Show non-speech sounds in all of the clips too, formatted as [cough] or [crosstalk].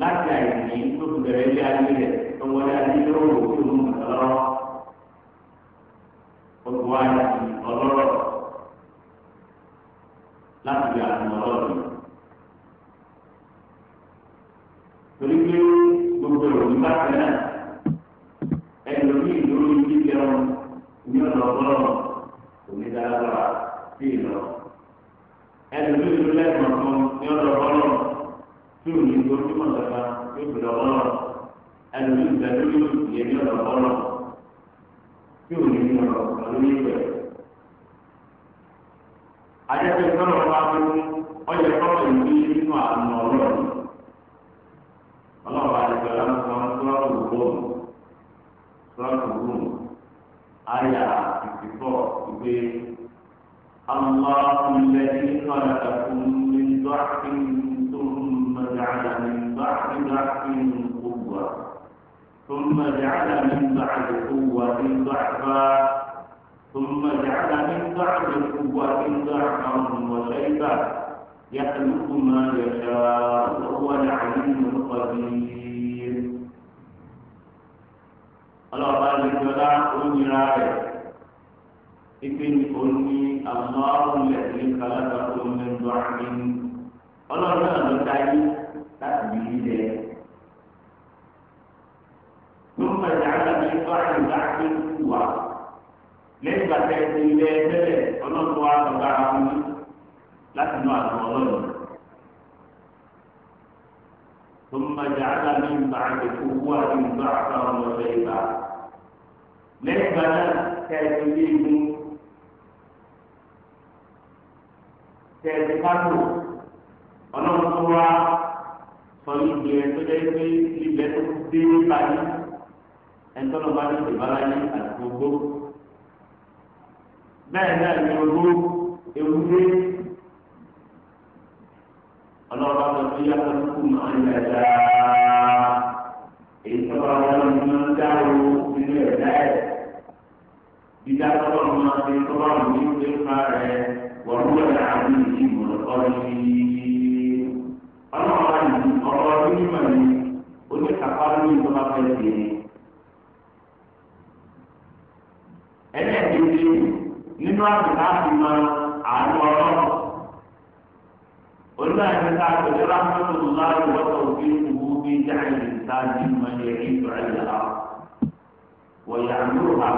láti àìní tó fi bẹ̀rẹ̀ ilé ayé rẹ̀ tó wọlé ayé lóru tó mú ọlọ́rọ̀ gbogbo ayé ọlọ́rọ̀ láti bí àti ọlọ́rọ̀ yìí. torí pé gbogbo ìròyìn bá tẹ̀lé lọ́wọ́ ẹlòmí ìgbàlódé yẹ ní ọ̀rọ̀ bọ́lọ̀ tí ò ní ọ̀rọ̀ lórí ìgbẹ́. Adébẹ̀ sọ̀rọ̀ wá fún ọjà kọ́rọ̀ ìlú nínú àmọ́ ọ̀rọ̀ ọlọ́ọ̀bá àdìgbà lọ́wọ́ sọ́ọ̀rọ̀ gbòòrò sọ́ọ̀rọ̀ gbòòrò àyà ìfìfọ́ ìgbé àwọn ثم جعل من بعد قوة ضعفا وشيبا يخلق ما يشاء وهو العليم القدير الله عز وجل أمر إذن أمي الله الذي خلقكم من ضعف الله لا تعي تأبيده ثم جعل من بعد ضعف قوة lẹ́yìn ìgbà tẹ́ ti ilé ẹgbẹ́rẹ́ ọlọ́run wa lọ́gbà ara wọn láti inú àlọ́ ọlọ́run. ثم جعل من بعد قوة ضعفا وشيبا lẹ́yìn ìgbà náà tẹ́ ti ilé igun tẹ́ ti pátó ọlọ́run tó wá sọ ibi ẹ̀ tó jẹ́ pé ibẹ̀ tó dé báyìí ẹ̀ tọ́lọ́ bá ní ìbára yìí àti gbogbo. ما هنا الوجود الوجود الله رب العالمين يحفظكم عن الأذى إن تبرع من تعلو من الأذى بذلك وهو العزيز القدير الله عز وجل من ونحقر nínú àmì láti mọ àánú ọlọ́run olú àti ká pẹ̀lú rámọ́tò láàrin wọ́tò òbí wù bí jáde sáájú mọ́lẹ̀ ìgbà yàrá wọ̀yà lóha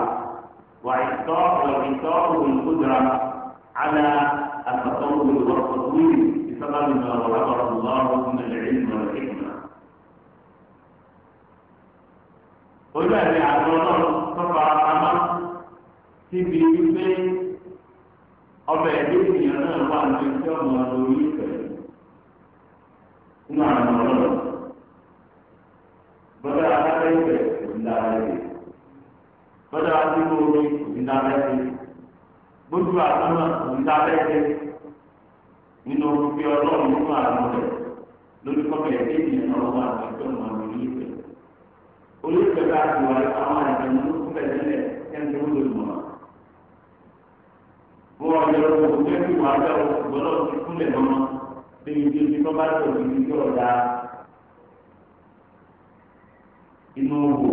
وإعطاء وإعطاء القدرة على التطور والتطوير بسبب ما ظهر الله من العلم والحكمة. قلنا لعبد الله صفى أمر síbi wípé ọbẹ̀ ìdíyàn náà wà ní ẹgbẹ́ ọmọ lórí ìfẹ́ nínú àwọn ọmọ náà bọ́dá adájọ́ ìfẹ́ ìdára rẹ̀ bọ́dá adúgbò omi ìdára rẹ̀ gbójú àtúmọ̀ ìdára rẹ̀ nínú fi ọlọ́run nínú àwọn rẹ̀ lórí kọ́bẹ̀ ìdíyàn náà wà ní ẹgbẹ́ ọmọ lórí ìfẹ́ olùfẹ́ bá ti wà àwọn àjẹmọ́ ló kún bẹ̀rẹ̀ lẹ̀ kẹ́ńtẹ́ ó lè mọ̀ wọ́n yọrọ wọ́n fẹ́ fi wà bẹ́ẹ̀ o gbọ́dọ̀ ti kúnlẹ̀ lọ́mọ bẹ́ẹ̀ ni bí wọ́n bá tó ti fi yọ̀ da inú wò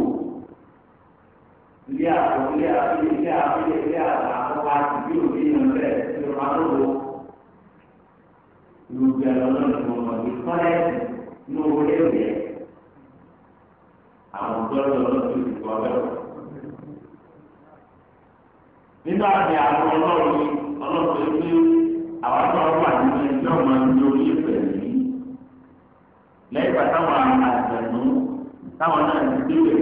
ilé àpò ilé àpò ilé àpò ilé àpò àti bí òbí yẹn bẹ́ẹ̀ ti rọ alówó lùgbẹ́ lọ́nà ìwọ̀n ìfọ́lẹ́ inú wọlé rẹ̀ àwọn gbọ́dọ̀ lọ́dún ìfọ́lẹ́ rẹ̀. nígbà tí àwọn ọlọ́run ọlọ́run pé àwọn tó wà nínú ẹgbẹ́ ọmọ lórí ìfẹ́ yìí lẹ́yìn ìgbà táwọn àgbẹ̀nú táwọn náà ti yìí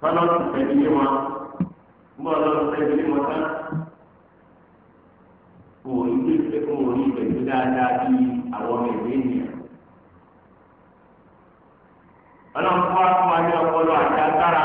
tọ́lọ́ ti tẹ̀lé wọn ọlọ́run tẹ̀lé wọn tán kò bí ìfẹ́ kò ìfẹ́ tó dáadáa bí àwọn ọmọ ìwé ènìyàn. ọlọ́run fún wa fún wa ní ọpọlọ àti agbára.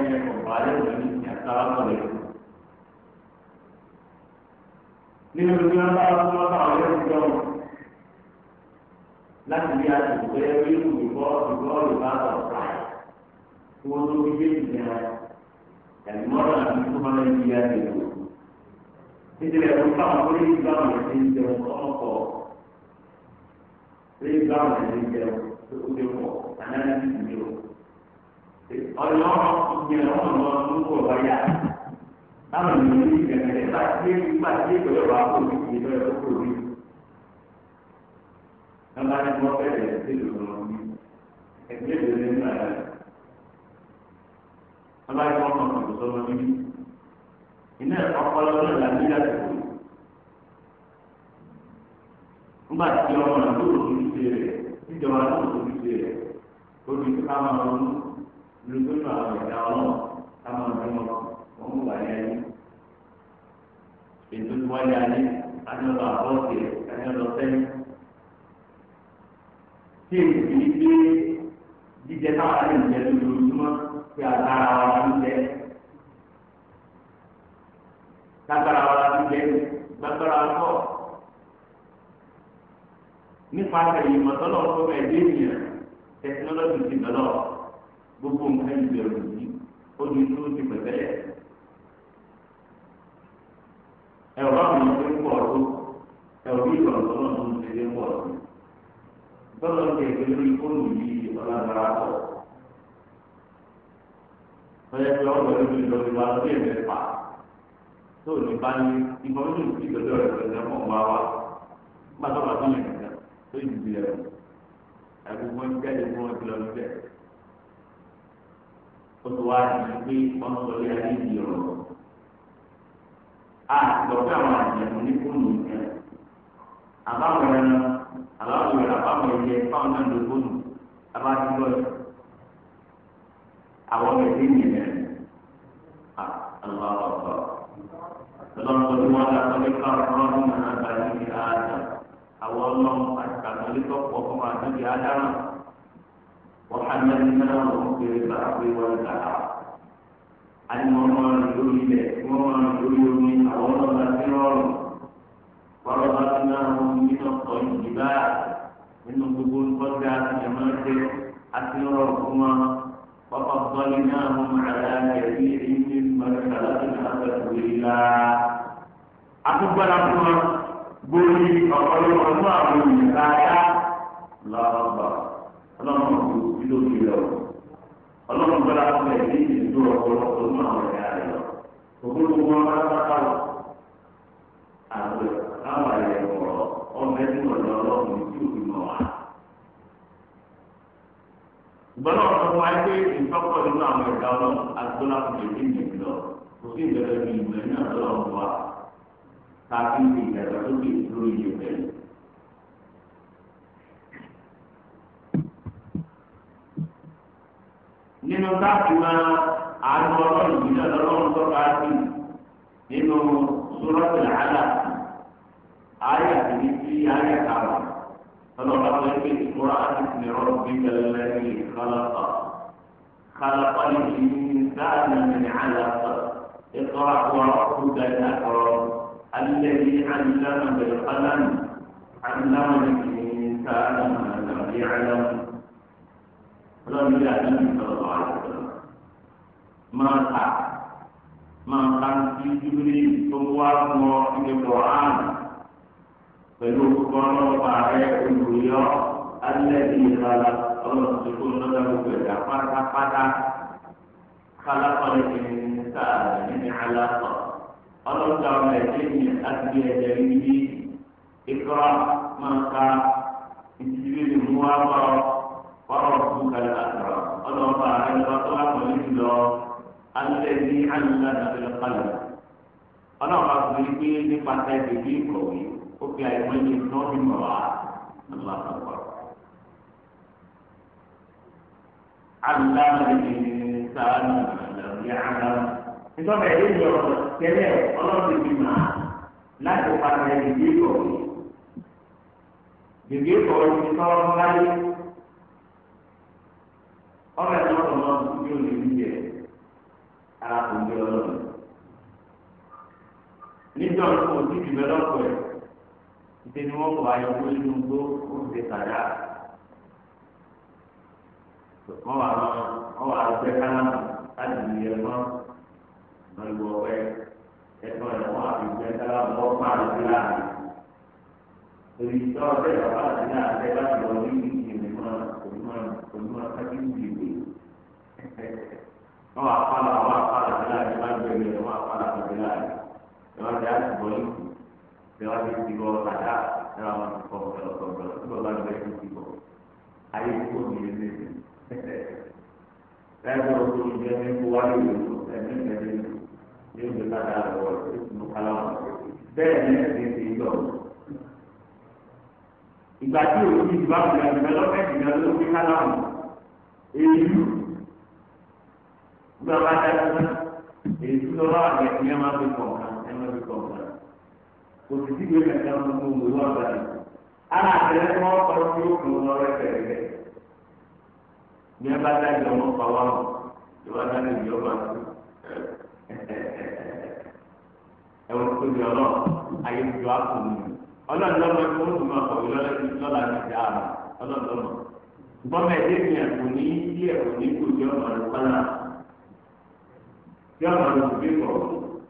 ọ̀rẹ́ ọ̀bàlẹ̀ òní àtàrà mọ̀lẹ́. nínú ìlú wọn bá wọn bá wọn lẹ́nu jọ̀ọ́ láti bí àtúntò ẹgbẹ́ ìlú ìbọ́ ìbọ́ ìbá ọ̀pá kí wọ́n tó fi dé ìgbà ẹ̀mí mọ́tò àti tó máa ń yí àti ìlú. nítorí ẹ̀rọ báwọn ó lè gbà wọn ẹ̀sìn jẹun ọkọ̀ lè gbà wọn ẹ̀sìn jẹun tó lè pọ̀ ànáyà ti dùn yóò. ọ̀nà ìgbìyànjú ọ̀nà lórúkọ báyà táwọn ènìyàn ní ìgbẹ̀mẹ̀lẹ̀ bá tí tó ni wọ́n bẹ̀rẹ̀ ẹgbẹ́ àyà. ni wọ́n kàn kàn Iná Nígbà tí ọmọ náà tó rẹ̀, ìjọba náà tó rẹ̀, lùdúnú àwọn ìdá ọlọ́run táwọn ọdún wọn wọn mú wáyé ayé ètò tí wáyé ayé ányọ́lọ́ àbọ̀tì ányọ́lọ́ sẹ́yìn tí èyí ti gbé jíjẹ táwọn ayé ìjẹ lójoojúmọ́ pé àtàrà wa ti jẹ tágbára wa ti jẹ gbàgbára wa kọ́ nípa ìmọ̀tọ́lọ́ fún ẹ̀dẹ́ ènìyàn tẹkinọ́lọ́jì ti dọ́lọ́ gbogbo nǹkan ìbẹ̀rù yìí ó ní tó ti pẹ̀tẹ́lẹ̀. ẹ̀rọ àwọn ìwé ń pọ̀ tó ẹ̀rọ bí ìrọ̀lọ́ náà tó ń ṣe lé pọ̀ tó. bọ́lá ń tẹ̀lé lórí fóònù yìí ọ̀làgbára pọ̀. ọ̀yẹ́ fi ọ̀pọ̀ lórí ìlọrin wa lórí ẹ̀mẹ́ pa tó ní bá ní ìfọwọ́sọ̀ sí ìgbẹ́jọ́ rẹ̀ pẹ̀lú ọmọ wa wá. gbàtọ́ ó ti wá ní pé wọ́n sọ bí ayé di ọ̀rọ̀. a lọ́pẹ́ àwọn àjẹmọ́ ní fóònù yẹn àbáwọn ẹran àbáwọn ẹran àbáwọn ẹyẹ fáwọn náà ló fóònù abájú lọ́ọ̀ àwọn ọmọ ẹ̀dẹ́ yẹn lẹ́nu àlọ́ ọ̀tọ̀. lọ́nà tó wọ́n lọ sọ́lé káàkiri ọ̀hún náà bá yí ní àádọ́ àwọn ọlọ́run àti kàtàlí tó pọ̀ fún àdúgbò àdáhùn. وحملناهم في البحر والبحر المرمان الجلد مرمان الجلد أولم سرر ورزقناهم من الطيبات من الدخول فرجع جماعته أسررهما وفضلناهم على كثير ممن خلقنا تفضيلا أكبر أكبر بولي أولو أنواع من الآيات لا رب اللهم tó fi lọ ọlọ́run gbọ́dọ̀ àwọn ẹ̀dí ìdúró ọ̀pọ̀lọpọ̀ nínú àwọn ẹ̀dá rẹ̀ lọ ògbólógbó wọn bá bá bá lọ àgbẹ̀ káwọn àyẹ̀ wọ̀rọ̀ ọmọ ẹni ọ̀dọ́ ọlọ́run tí ò fi mọ̀ wá. ìgbọ́dọ̀ ọ̀pọ̀ wa pé ìfọ́pọ̀ nínú àwọn ẹ̀dá ọlọ́run agbóná fún ẹ̀dí ìdí lọ kò sí ìgbẹ́lẹ́ bí ìgbẹ́ náà lọ́wọ́ wa ká nínú táàkì máa àánú ọlọ́run yìí náà lọ́lọ́run tó bá sí nínú sọ́lọ́tì làálà ayé àtìní sí ayé àkàrà ọlọ́run tó ń pè ìkúra àti ìsinirọ́ bí kẹlẹ́lẹ́ ní kálọ́tà kálọ́tà ní ìsáàlì ní àlàtà ìkọ́ra àwọn ọ̀kúta ní àkọ́rọ́ alẹ́bí àdìlánà bẹ̀rẹ̀ kálánì àdìlánà ní ìsáàlì ní àlàtà ọlọ́run ní àti ní ìsọ̀rọ̀ bá rẹ̀ sọ̀rọ̀. máa ta máa ta sí júbílì tó wá fún ọ ilé kọ̀ọ̀án pẹ̀lú orúkọ ọlọ́ọ̀bà rẹ̀ olùyọ́ alẹ́ ìlera ọlọ́run ti kó lọ́dọ̀ gbogbo ẹ̀dá pátápátá kálápàlẹ́ ìrìn sáà nínú aláṣọ ọlọ́run ọmọ ẹ̀jẹ̀ ní àti ẹ̀jẹ̀ níbi ìkọ́ máa ta ìdílé ìmúwá bọ̀ وربك الأكرم اللهم أعلم رسولك مثله الذي علم بالقلم ọlọ́run àgbè pé nípasẹ̀ bèbí ìkọ̀wé ó fi àìmọ́ iye tí wọ́n fi mọ̀ wá lọ́sọ̀kọ̀. aláàbò sáánù àlàyé àlà. nítorí ẹ̀yẹ́ ìlú ọ̀rọ̀ tẹ́lẹ̀ ọlọ́run ti fi mà láti pàṣẹ bèbí ìkọ̀wé. bèbí ìkọ̀wé ti sọ ọ̀rọ̀ ẹ̀ lọ́rọ̀ náà ní òní níjẹ̀ arákùnrin ọlọ́run níjọ́ tó o ti dìbẹ́ lọ́pọ̀ ẹ̀ ìdè ni wọ́n kọ́ ayọ̀wó inú gbó ó ń ṣe kàdá wọ́n wà lọ wọ́n wà gbẹ kálámù láti lè yẹ mọ́ lọ́lù ọ̀pẹ ẹ̀fọ́ ẹ̀ wọ́n wà gbẹ kálámù wọ́n pa èyí tó ọ̀pẹ ìjọba àti náà àti lọ ní ìdí ìrìn mọ́ onímọ̀ kábíyì yìí wọ́n wà pàlà wọ́n wà pàlà bí láàyè wọ́n gbé mi wọ́n wà pàlà bí láàyè wọ́n ti àti bọ́ yìí bí wọ́n ti ti bọ́ kàdá ní wọ́n ti kọ́ ọ̀pọ̀lọpọ̀ tí wọ́n bá gbé yìí ti bọ̀ ayé kó mi lé lé lẹ́yìn tó tó jẹ́ mi kó wáyé ìlú ẹ̀mí ìgbẹ́lẹ́ yóò gbé kàdá lọ́wọ́ ìtumọ̀ kálá wọn bẹ́ẹ̀ ni ẹ̀ ìgbà tí òun ti ìgbà òun ìgbà development ìgbà tó fi ká láwọn èyí gbà bá dájú náà èyí tó lọ́wọ́ àgbẹ̀ ní ẹ máa fi kọ̀ ọ̀kan ẹ máa fi kọ̀ ọ̀kan kò sì sí ìwé kẹta ọmọ ọmọ òwe wà báyìí ara àtẹlẹ tí wọn kọ sí òkun lọ rẹ bẹrẹ ní ẹ dájú ọmọ pa wà ó ìwà dájú ìjọba ẹ wọ́n tó di ọlọ́ọ̀ ayélujára kò ní ọlọ́run lọ́mọ ẹgbẹ́ wọn tún máa kọ̀wé lọ́la ti dá àmà ọlọ́run lọ́mọ. gbọ́mọ ẹ̀dẹ́ mi àpò ní ilé ẹ̀kọ́ ní kò jẹ́ ọmọ rẹ̀ pálá. bí ọmọ rẹ̀ kò bí kọ̀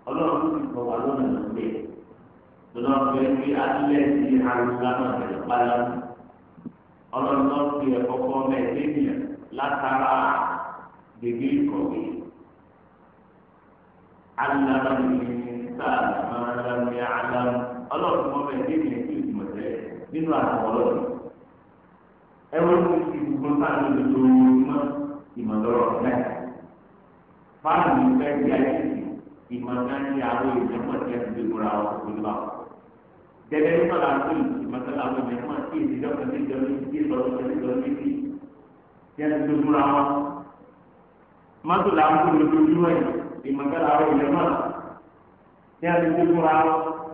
ọlọ́run tó ti kọ̀ wá lọ́nà lọ́gbẹ́. lọ́nà ọ̀gbẹ́ ní alẹ́ ti arúgbá náà rẹ̀ pálá. ọlọ́run lọ́ fi ẹ̀kọ́ kọ́ ẹ̀dẹ́ mi látara gbègbè kọ̀wé. alẹ́ ọlọ́run wọn bẹ̀ ní ìyẹn kí ìtumọ̀ tẹ́ nínú àwọn ọlọ́run ẹ̀rọ ti fi gbogbo sáànù lójoojúmọ́ ìmọ̀lọ́rọ̀ náà fáànù ìfẹ́ bí ayé ti ìmọ̀lá ní àwọn ìjọba tí a ti fi gbọ́ra wọn kó lọ. dẹ́gbẹ́ nípa làásù ìmọ̀tàlá àwọn ìjọba tí ìdíjọba ti jọ ní ti lọ́dún tó ti lọ sí ti tí a ti fi gbọ́ra wọn. mọ́tò làwọn kò lójoojúmọ́ ìmọ̀tàlá àwọn ìjọba tí a ti fi gbọ́ra wọn.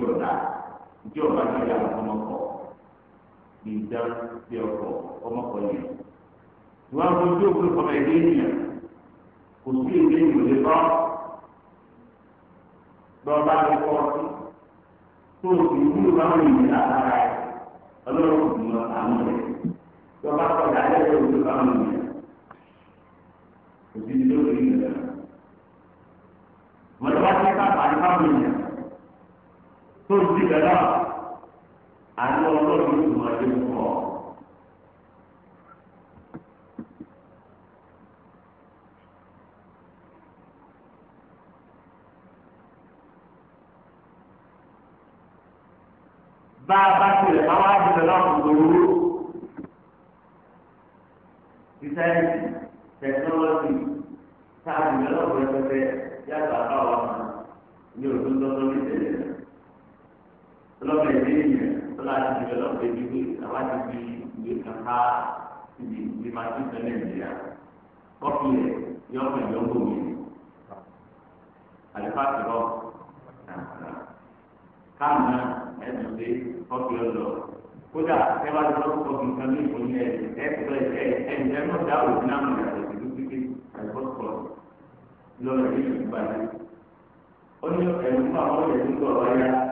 tí ọ̀dà tí ọba ti rí àwọn ọmọkọ ìdá bí ọkọ ọmọkọ yẹn. ìwà ń fojú òkú ìfọmọ ẹgbẹ́ ènìyàn kò sí èdè ìwòlé bá lọ́ba ti sí tó o sì wúlò bá wọn ìyìn látara ẹ̀ ọlọ́run kò mọ àwọn rẹ̀ lọ́ba kọjá lẹ́yìn òkú bá wọn ìyìn kò sí ìdílé òkú ìyìn rẹ̀ mọ̀lẹ́bá ti tó ń di dada àti ọlọ́run yóò máa dé fún ọ. bá a bá tilẹ̀ bá wá di dada òwúrọ̀ sísáyẹ̀sì tẹkinọ́lọ́sì tá a dì lọ́wọ́ pẹ́pẹ́pẹ́ yàtọ̀ àbáwọ̀ ní òtún tọ́tọ́ ní tẹ̀lé rẹ̀ lọ́mọ ẹ̀mí yẹn tó láti ti lọ́mọ ẹ̀mí pé àwa ti fi ìwé kankan ibi ìdí máa ti sẹ́ nàìjíríà kọ́pì rẹ̀ yọ ọmọ ẹ̀mí ọgbọ̀n mi àlùfáà ti rọ káàmù ẹ̀dùn dé kọ́pì ọ̀dọ̀ kódà ẹ bá ti lọ́kọ̀ kọ́pì nǹkan ní ìfòyín ẹ̀ ẹ̀ ẹ̀ ẹ̀ ẹ̀ náà dá òògùn náà mọ̀ yàtọ̀ sí dúdúké àlùfọ́sọ̀ lọ́rọ̀ ẹ̀mí ìgbàlẹ̀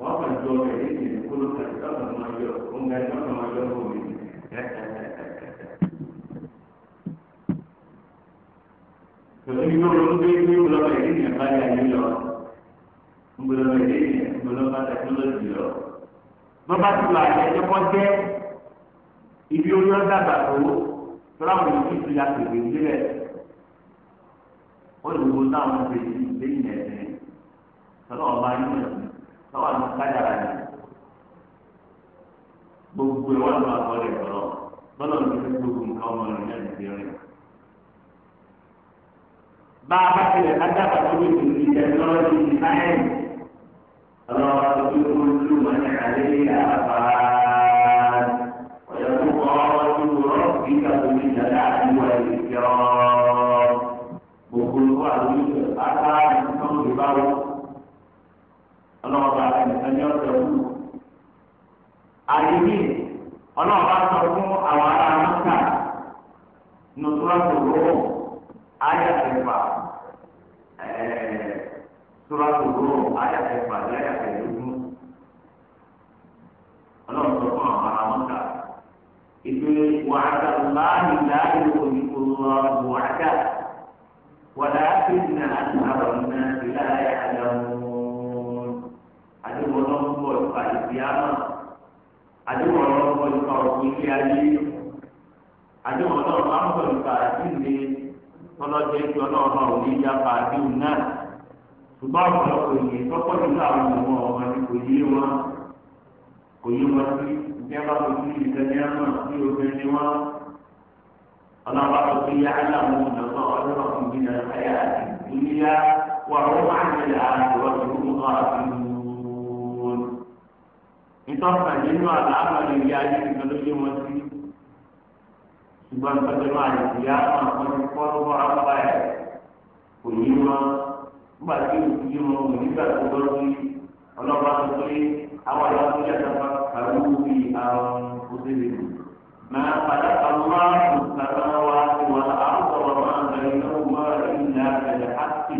wọ́n kàn jọ ọ̀rẹ́ yìí ní ìkóló kan lọ́sàn máa yọ oúnjẹ lọ́sàn máa yọ fún mi. Tòun yóò lọ gbé ní ìmúlọ́pàá yìí ní ìbáyà yìí lọ. Ìmúlọ́pàá yìí ní ìmúlọ́pàá tẹkinọ́lọ́jì lọ. Bọ́bá ti lọ àyẹ̀ ẹjọ́ kọ́ jẹ́ ibi orí ọ̀dà àgbàdo fúláwọ̀ yìí ti fi àgbègbè sílẹ̀. Ó lè wo táwọn ti lẹ́yìn ẹ̀sìn. Tọ́lá ọba yìí káwọn àti kájàrà ni gbogbo ẹ wọn lọ àkọọlẹ ọ̀rọ̀ bọlọ ní kí gbogbo nǹkan ọmọ rẹ náà ti rìn. bá a bá tilẹ̀ ká tó lè tún ní ìjẹ́ ní ìlú náírà ọlọ́wọ́ tó fi kó lù wọ́n náà. ní ìjà pàdé náà ṣùgbọ́n ọ̀pọ̀lọpọ̀ ènìyàn tọ́pọ̀ nínú àwọn ọmọ ọmọ ni kò yé wọn kò yé wọn sí ìjẹ́ bá tó sí ìtẹ́jẹ́ náà sí obìnrin wọn ọlọ́pàá tó fi yá aláwọ̀ ọ̀dọ́ ọlọ́pàá mi nà ẹ̀yà àti ìdúnyá wà ó máa ń yẹlẹ̀ àti wọ́n ti mú wọn àti wọn. ìtọ́ka nínú àlàáfà lè yá ayé nìkan ló yé wọn sí ṣùgbọ́n ìtọ́jú náà àyè ìyá àwọn àkọ́ni fọ́lọ́wọ́ àpá ẹ̀. kò yí mọ́ nígbà tí o yí mọ́ o nígbà tó bọ́ sí ọlọ́pàá tó pé àwọn àyà tó yàtọ̀ bá kàwé wí àrùn òṣèlú máa padà àwọn àrùn kàrọ̀ wá sí wọn àwọn sọ̀rọ̀ máa ń bẹ̀rẹ̀ náà wọ́n ìlà ẹ̀lẹ́ àti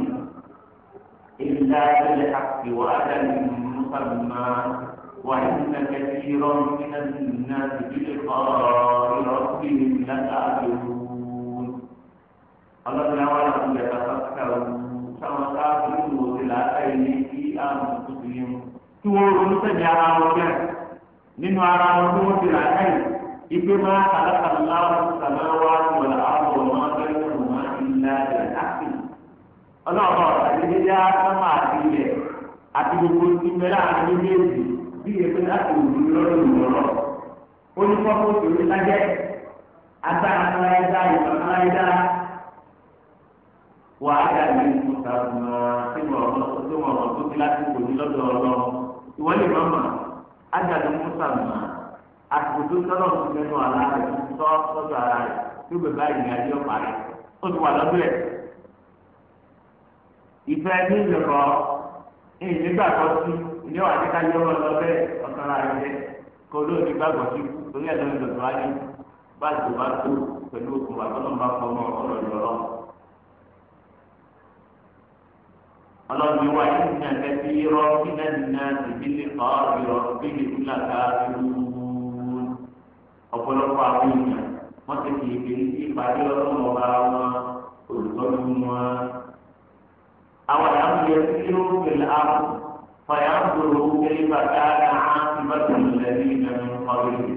ìlà ẹ̀lẹ́ àti wọ́n á dà ní mùsàlùmá وإن كثيرا من الناس بلقاء ربهم لكافرون ọlọ́dún àwọn àdúgbò ẹ̀ka pàṣẹ táwọn sáàbù nínú òde làákàyè ní kí àrùn tuntun yẹn tí wọ́n ronú sẹ́ni ara wọn bẹ́ẹ̀ nínú ara wọn tí wọ́n ti làákàyè ìgbé máa kàlákàlá láwọn sàmáwá wọn àwọn ọmọ abẹ́rẹ́ wọn máa ń la ẹ̀ láti. ọlọ́run ọ̀rọ̀ àdéhùn yá sọ́mà àti ilẹ̀ àti gbogbo ti mẹ́rẹ́ àwọn méjèèjì bí èpè láti òdu lọ́dún ìwọ̀rọ̀ ó ní wàhálà ní ìfúnta fún wa tí mo ọmọ tó mo ọmọ tó ti láti kò ní lọ́dọ̀ ọlọ́run ìwọ lè má mà ájàdé musa tó tó mẹ́nu rẹ̀ tó sọ́dọ̀ ara rẹ̀ tó bẹ̀ báyìí ní ọ̀pá rẹ̀ ó ti wà lọ́dọ̀ ìfẹ́ ní ọlọ́run wa yìí ní akẹ́kẹ́ yìí rọ kí náà ní náà tìbí lè kọ́ ìrọ̀ bí lè kú làkà lùún. ọ̀pọ̀lọpọ̀ àwọn èèyàn wọ́n ti fi ìpè sí ìpàdé ọlọ́run ọba wọn olùtọ́jú wọn. àwọn àyàwó yẹ kí ó fèlè àpò fàyàǹdòrò kéré bàtà náà ti bá tẹ̀lé lẹ́yìn ìdáná ọ̀rẹ́ rẹ̀.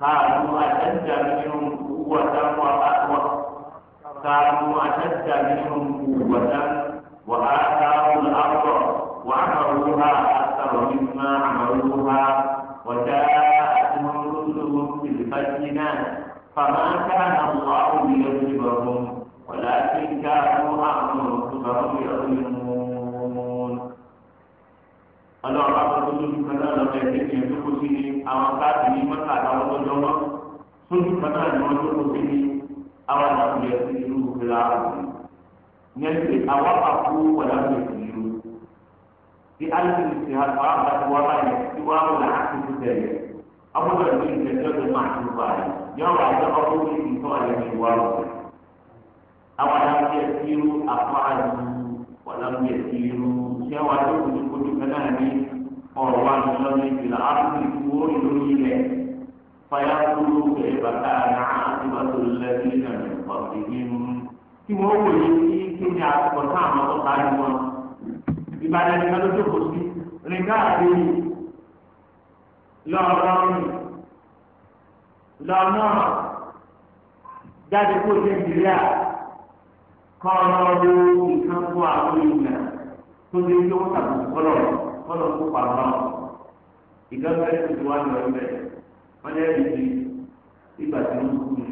káàdù àtẹ̀jà nínú kúwàtà wà á wà káàdù àtẹ̀jà nínú kúwàtà wà وآثاروا الأرض وعمروها أكثر مما عمروها وجاءتهم رسلهم بالبينات فما كان الله ليظلمهم ولكن كانوا أنفسهم يظلمون ọlọ́run àkọ́kọ́ lójú kan náà lọ́mọ ẹ̀jẹ̀ ní ẹ̀jọ́ kó sí ni àwọn káàdì ní mọ́tà àtàwọn ọlọ́jọ́ wọn lójú kan náà ni wọ́n jókòó sí ni àwọn àdàkùnrin ẹ̀sìn ìlú òkèlà àbùkù. nyɛnti awa afu wala mi yiru ti alifi mi ti ha awa ba ti wala yɛ ti wa wala ati ti tɛ yɛ awo lɛ mi tɛ tɛ tɛ ma ti ba yɛ yɛ wa yɛ ɔfu mi ti tɔ yɛ mi wa yɛ awa la mi yɛ yiru afa ayi wala mi yɛ yiru yɛ wa yɛ la afu mi ti wo yɛ na ati ba na ti tí wọ́n wò yé kí kí ni àtúkọ̀ náà àwọn tó bá wọn. ìbàdàn nìkan ló tó kò sí rìn káàkiri lọ́ọ̀rọ́ọ̀rùn lọ́ọ̀nà jáde kó nàìjíríà kọ́ ọ̀rọ̀ nǹkan àwọn èèyàn tó tàbí kó ìgbàgbọ́ ìgbà kú ni.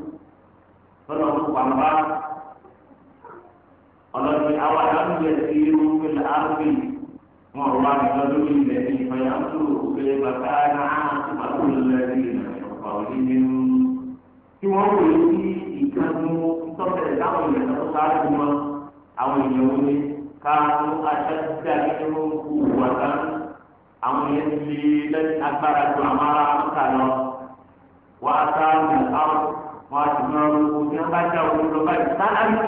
tọ́lọ̀ ń pàmò ọlọ́ni àwọn àlùyẹ sí irúgbìn àrùbí wọn ò wá nìkan lórí ilẹ̀ ní ìfọyà ń lò pé bàbá náà ti máa kú lẹ́yìn ìrìnàjò ọ̀rí nínú. tí wọ́n wò ó sí ìkànnì tọ́tẹ̀lẹ̀ táwọn èèyàn tó sáré wọn àwọn èèyàn wọn ni káàmú aṣáájúdá nínú kú wàtá àwọn èèyàn ti lé agbára ju àwọn ń kà lọ wàá sáà mú àwọn wọn a ti máa ń wo tí wọn bá já owó lọ báyìí sálámì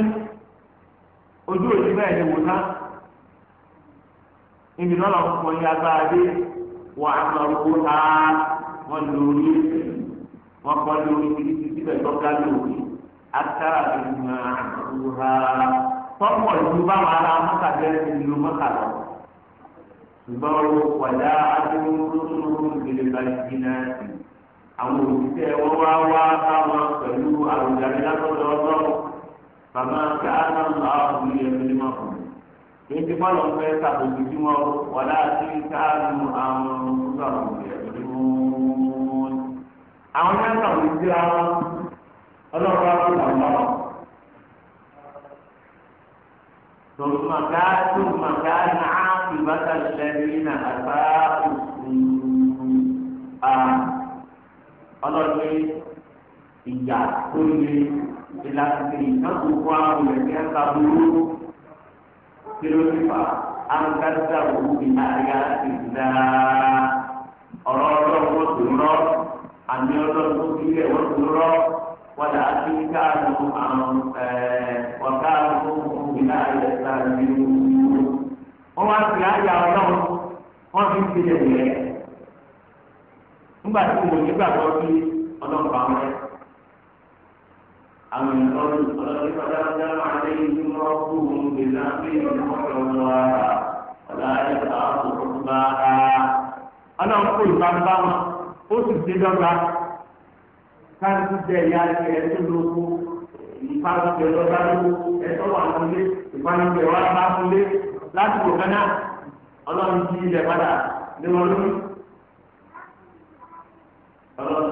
ojú òsì bẹ́ẹ̀ ni wò ná ibi náà lọ́wọ́ fún ọyẹ agbára dé wọ́n á máa wo ha wọ́n lórí wọ́n kọ́ lórí títí títí bẹ́ẹ̀ tọ́ka lórí akara ti máa wo ha tọ́pọ̀ ìlú báwọn ará mọ́ta bẹ́ẹ̀ ti lu mọ́ta lọ ṣùgbọ́n wọ́n wọ̀dá adúlóró lórí ìgbèlè bá yìí náà sí. àwọn òṣìṣẹ́ wọn wá wá báwọn pẹ̀lú àrùjáde látọ̀dọ̀ ọlọ́run bàbá káàná láàbù ilẹ̀ mímọ́ fún mi. Èyí bọ́lọ̀ fẹ́ sàbòjì tí wọ́n wọlé àwọn Àwọn wọn ọlọ́run wá fún ọlọ́dún ìyá tó lé ìlànà ìtọ́jú fún àwọn ẹ̀kẹ́ sábúrú kí ló ti fà áńgáṣá òwú ní àyà ìdá ọ̀rọ̀ ọlọ́run wọ́n tó rọ́ àmì ọlọ́run tó fi lẹ̀ wọ́n tó rọ́ wọ́n á ti káàdù àwọn ọ̀gá òwú ní àyà ìdá ìlú. wọ́n wá sí àyà ọlọ́run wọ́n fi ń tilẹ̀ yẹn. nígbà tí mo nígbà tó bí ọlọ́pàá wọn rẹ àwọn ìtọ́jú ọlọ́dún padà máa lé ìlú mọ́kù gbèlà bí ìmọ̀tò wà ọ̀là ìta àkókò bá a. ọlọ́run kó ìgbà bá wọn ó sì dọ́gba káàkiri ìyá ẹ̀ lóko wà nílé wà bá nílé láti wò kánà ọlọ́run ilẹ̀ padà lé wọn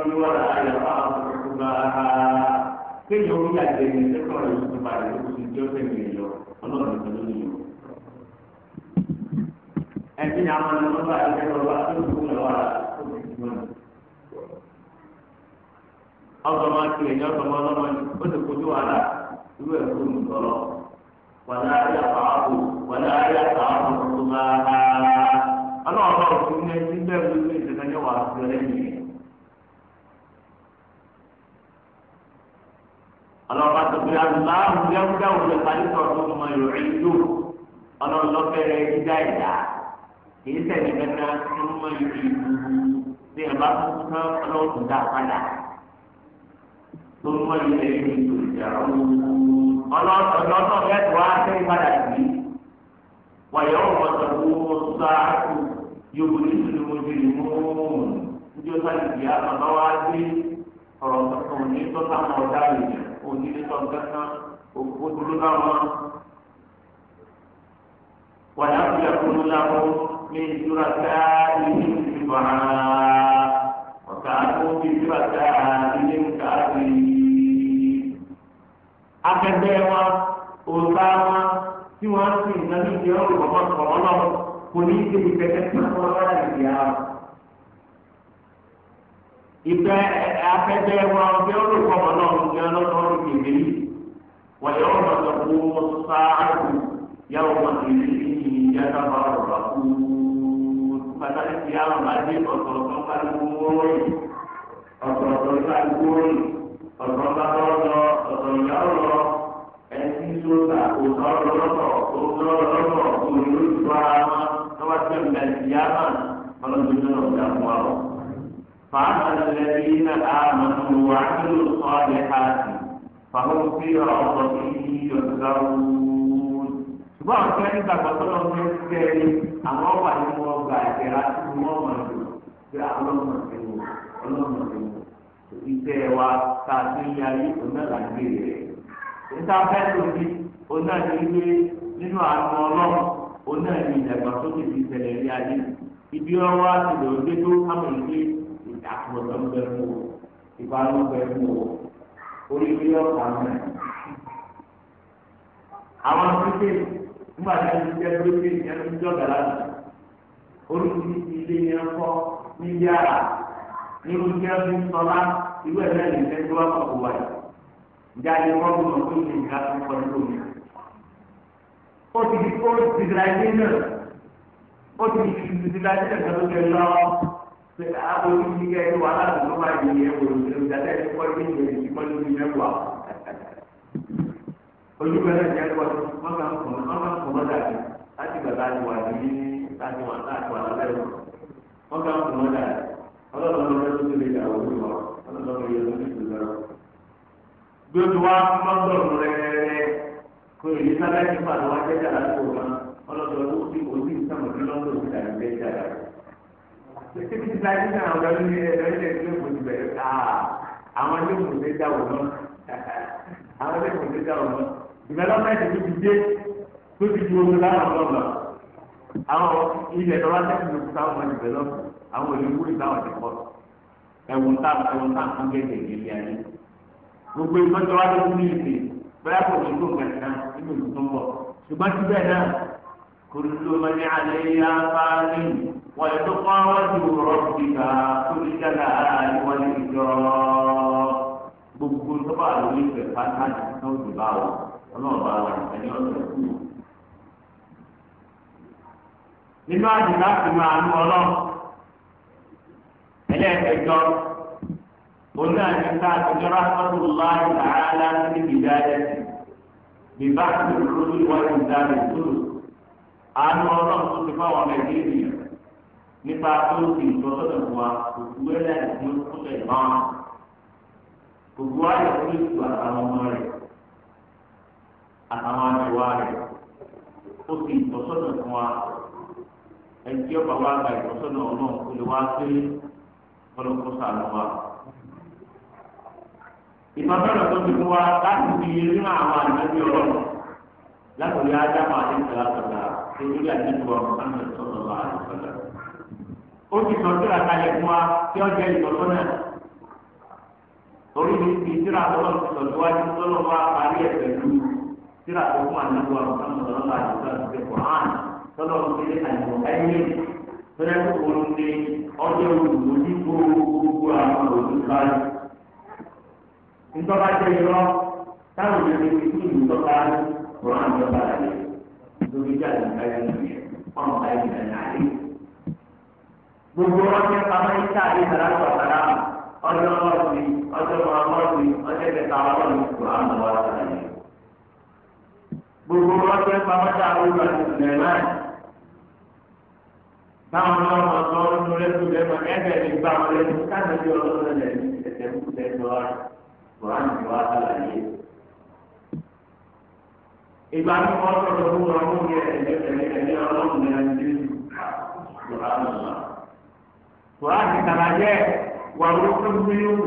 bí wọ́n rà ayọ̀ fáwọn tuntun bá a. kéèyàn orí àjẹ ní sẹ́kọ̀ọ́ rẹ̀ yóò tún balẹ̀ ó sì jọ́ sẹ́yìn lọ ọlọ́run kan ló nìyọ. ẹbí ni àwọn ọmọ bá a jẹ́ lọ́wọ́ tó ń kú lọ́wọ́ rà tó ń kú lọ́wọ́. ọgbọ̀n máa ti ẹ̀yìn ọgbọ̀n máa lọ́mọ ní ó sì kojú wàhálà irú ẹ̀ kó nìkọ́ lọ. wàlá ayé àpáàbò wàlá ayé àpáàbò tó máa ọlọ́run náà fún ní ẹni bẹ́ẹ̀ ló ń gbé ìtẹ̀kẹ́ ọlọ́ba tó fi aláhùn yẹ́wúdà òde pàdésọ̀ tó tó máa yọrí yó ọlọ́lọ́bẹ̀rẹ̀ dídá ẹ̀dá kì í tẹ̀lé mẹ́ta tó máa yọrí yó bí ẹ̀ bá tó tán ọlọ́run dá padà tó máa yọrí yó ìjà ọlọ́dọ̀ mẹ́tọ́ wá sẹ́yìn padà sí wàyẹ̀ ọ̀pọ̀tọ̀ tó sáà yóò ní ìlú mojú ìmú níjọ́ sáà tó sáà mọ̀ ọ̀dá ìyẹn kò ní lè tọ́nu kankan òkú dúró bá wọn. wàlá fi àkóso láwọ ní ìtura ká ilé ìtura ọ̀tá tó fi ìtura ká ilé ìtura rí. akẹgbẹ́ wa òrùka wa tí wọ́n á sì ń lọ sí ìjọ kọ̀ọ̀lọ́ kò ní í ṣe ìgbẹ́kẹ̀kẹ́ fún ọlọ́run ìyá wa ìfẹ́ afẹ́fẹ́ wa ọbẹ̀ olùkọ́ ọmọ náà ń gbé ọlọ́dún kébé wọ̀nyẹ́ wọn bá sọ fún wọn sáájú yàwó wọn kébé yìí yàtọ̀ bá wọn bá kú pàtàkì tí a wọn bá dé ọ̀tọ̀ọ̀tọ̀ kálukú wọ́ọ̀rì ọ̀tọ̀ọ̀tọ̀ kálukú wọ́ọ̀rì ọ̀tọ̀ọ̀tọ̀ ọ̀tọ̀ọ̀tọ̀ ẹtí lóta òtọ̀ lọ́tọ̀ òyìnbó tó wọn lọ́wọ́ فأما الذين آمنوا وعملوا الصالحات فهم في روضة يحذرون ṣùgbọ́n àwọn tí wọ́n ní ṣẹ́ ni àwọn àwọn ìdàgbàsókè ti tẹ̀lé ayé ibi ọwọ́ àti ìdòwò gbé tó ìdàkúrọ̀tọ̀ ń bẹ fún o ìbánu ń bẹ fún o oríṣi ọ̀pá náà. àwọn akéde nígbà tí wọ́n ti jẹ́ lókè ìyẹn ń jọ̀gà láti oríṣi ilé yẹn kọ́ ní yàrá nínú tí wọ́n fi ń sọlá irú ẹ̀ náà lè tẹ́jú wá kọ̀ọ̀kọ̀ wáyé. ìjà ni wọ́n bí wọn pé ìgbà tó ń kọ́ nínú mi. ó ti di ó ti di ra ilé náà ó ti di ìdílé ajé ìgbà tó ń kẹ́ lọ́wọ́ pé àwọn oníṣẹ́ kẹ́ ẹni wà láti ló máa yẹ ẹ̀wò ìṣẹ̀lẹ̀ ìdájọ́ ẹni kọ́ ilé ìwé ìdí kọ́ lórí mẹ́wàá. olùkọ́ náà jẹ́ kọ́ wọ́n kàn kọ́ mọ́ dàbí láti gbàgbá ti wà ní láti wà láti wà lábẹ́ wọn. wọ́n kàn kọ́ mọ́ dàbí ọlọ́run ló tó lè dà wọ́n lọ ọlọ́run yẹ ló ti lọ. bí o ti wá mọ́tòrò rẹ̀ kò èyí sábẹ́ nípa àwọn ajẹ́jà títí tí láti ní àwọn ọ̀dọ́ ní ẹ̀rọ ilé ìlú èkó ti bẹ̀rẹ̀ ká ah, àwọn ilé ìwòsàn ti dáwọ̀ mọ́ àwọn ilé ìwòsàn ti dáwọ̀ mọ́ ìmọ̀lọ́mẹ́tì tó ti dé tó ti di omi láwọn ọlọ́ọ̀lọ́ àwọn ilẹ̀ tó wá tẹ̀sí ló ta ọmọ ìbẹ̀lọ́pù àwọn olùwúrí táwọn ti kọ́ ẹ̀wùn tá ẹ̀wùn tá fún gẹ́gẹ́ ìgbélé ayé gbogbo ìtọ́jú wa ló ní ìsìn bẹ́ẹ̀ kò ní kó gbẹ̀sán nínú والتقى وجه ربك كل الجلال والإكرام gbogbo tó bá lórí ìfẹ́ pátá náà ti bá wọ ọlọ́run bá wà nípa ní ọ̀sẹ̀ kù. nínú àjò láti máa lu ọlọ́run ẹlẹ́ẹ̀kẹjọ oní àjẹsà àtijọ́ rákọ́tù láì sàárà sí ìgbìdá ẹ̀sìn bíbá nípa tó ń di ìtọ́sọ́nà wa òkú ẹ̀dá ìpín ọ̀sẹ̀ ìbámu òkú ayọ̀ fún ìtù àtàwọn ọmọ rẹ̀ àtàwọn àjọwà rẹ̀ ó fi ìtọ́sọ́nà fún wa ẹnití ọba wa gba ìtọ́sọ́nà ọlọ́run kó lè wá sí ọlọ́kọ́sà lọ wa. ìtọ́sọ́nà tó ti fún wa láti fi nínú àwọn àjọbí ọlọ́run láti ajá máa ní ìtàlá sọ̀tà tó lórí àjẹjù ọ̀rọ̀ sáńtẹ̀ sọ̀tọ̀ lọ́wọ́ àjọṣọ́lá ó ti sọ síra kalẹ̀ fún wa tí ó jẹ́ ìtọ́sọ́nà torí ní ti síra tó lọ́n ti sọ síwájú tó lọ́n wá parí ẹ̀ pẹ̀lú síra tó fún àdúgbò àwọn ọ̀sán ọ̀sán àti kòrán tó lọ́n ti lé àyẹ̀wò ẹ̀yìn tó lẹ́ tó kọ́ ní ọjọ́ olùdójú gbogbo àwọn olùdarí. nítorí ajé irọ́ táwọn ènìyàn ti kú ìlú tọ́ka kòrán tó bá rẹ̀ lórí jáde káyọ̀ nìyẹn ọ̀nà káyọ̀ nìyẹn gbogbo ọjọ́ pamọ́ ìta àti ìdàlájọ àgbàdàmù ọjọ́ mọ́ọ̀sì ọjọ́ mọ́ọ̀sì ọjọ́ kẹta ọlọ́run kò á mọ̀ wá sàlẹ̀. gbogbo ọjọ́ pamọ́ tá a wúlò àti sùlẹ̀mán báwọn náà wọn sọ ọdún tó lẹ́nu lẹ́nu ẹgbẹ́ mi gbà wọn lẹ́nu káàdì bí ọlọ́run lẹ́nu ẹ̀sẹ̀ ń kú lẹ́nu kò á mọ̀ wá sàlẹ̀. ìgbà tí wọ́n sọ̀rọ̀ fún ọlọ́run kùránì kàmájẹ́ wà lóko mílíọ̀nù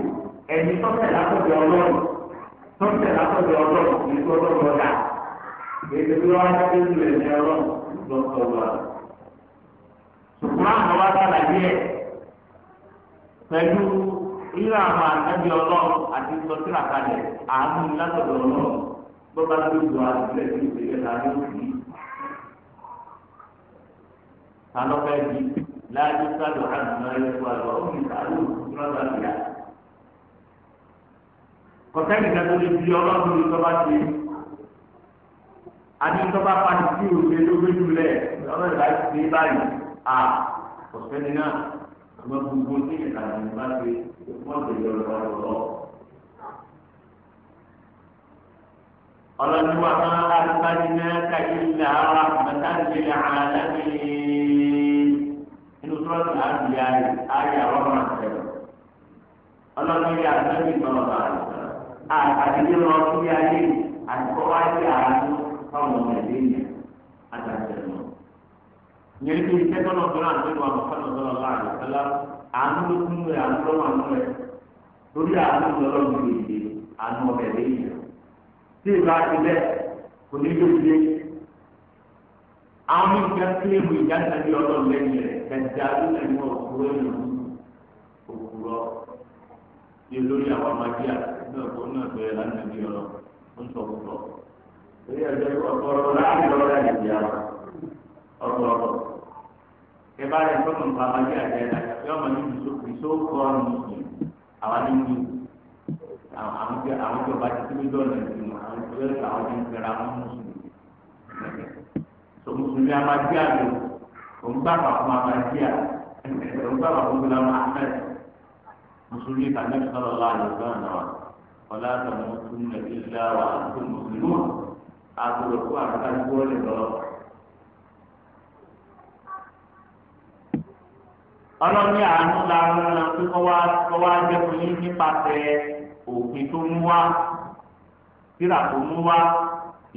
ẹ̀yìn tọ́tẹ̀ látọ̀dọ̀ ọlọ́run tọ́tẹ̀ látọ̀dọ̀ ọlọ́run kì í tó ọlọ́run ọ̀dà èdè bí wọ́n á dé lulẹ̀ ní ọlọ́run lọ́tọ̀ wà. ṣùgbọ́n àwọn wá sàlàyé ẹ̀ pẹ̀lú ìlà àwọn àtàbí ọlọ́run àti sọtìlà kalẹ̀ àánú látọ̀dọ̀ ọlọ́run bọ́ba tó gbọ́ àtìlẹ́yìn ìgbésẹ̀ láti ó fi sálọ bẹ́ẹ̀ di láti sálọ àdùnnà ẹ̀kọ́ àlọ́ òun ìsàlù ìrọ̀lá ìyá. kọ̀tẹ́nì kẹ́tọ́ lè fi ọlọ́run ní tọ́ba ti àti tọ́ba pàṣẹ tí o ṣe ló gbẹ́jú lẹ̀ lọ́wọ́ ìgbà tí ṣe báyìí à kọ̀tẹ́nì náà àmọ́ gbogbo tí ìlànà ìbá ṣe wọ́n lè yọ lọ́wọ́ ọlọ́run wa máa ń bá ní nínú tó lọ́sùn láti yá ayé ayé àwọn ọmọ àtẹ̀wọ̀ ọlọ́run yá àtẹ̀wọ̀ ìtọ́lọ̀ bá rẹ̀ sọ̀rọ̀ àtàdéjé lọ sí yá ayé àtìkọ́ wá sí àánú fáwọn ọmọ ẹ̀dẹ́ yẹn àtàtẹ̀wọ̀. nyẹ́rì bí iṣẹ́ tọ́nà tó náà nínú àwọn fọ́nà tó lọ́la rẹ̀ sọ́lá àánú ló kún rẹ̀ àánú lọ́wọ́ àánú rẹ̀ lórí àánú lọ́lọ́run lè àánú ọmọ ẹ̀dẹ́ yẹn tí ì àwọn ìgbà kílè bu ìdáná bí ọlọ́run lẹ́yìn rẹ̀ ẹ̀dá ló lẹ́yìn wọn òkúrọ́ yìí òkúrọ́ yìí lórí àwọn amadíà náà kó náà bẹ̀rẹ̀ lánàá bí ọlọ́run ó ń sọ púpọ̀. lórí ẹ̀jẹ̀ ọ̀pọ̀lọpọ̀ láàrin lọ́wọ́ láti di ara ọ̀pọ̀lọpọ̀. ẹ bá rẹ̀ fọ́nà nípa amadíà jẹ́ ẹ̀dá yóò máa ní ìṣókò mùsùlùmí amadé àlò òǹgbàgbà fún amadé à òǹgbàgbà fún gbọlọmọ ahmed mùsùlùmí kàmí sọlọ láàyè gbọ́n náà ọ̀là àtàwọn mùsùlùmí ìlà wà àti mùsùlùmí àgbọ̀dọ̀ fún àgbàdá gbọ́ọ̀lì lọ́wọ́. ọlọ́ni àánú la rán pé kọ́ wá jẹ́ fún yín nípasẹ̀ òfin tó mú wá síra tó mú wá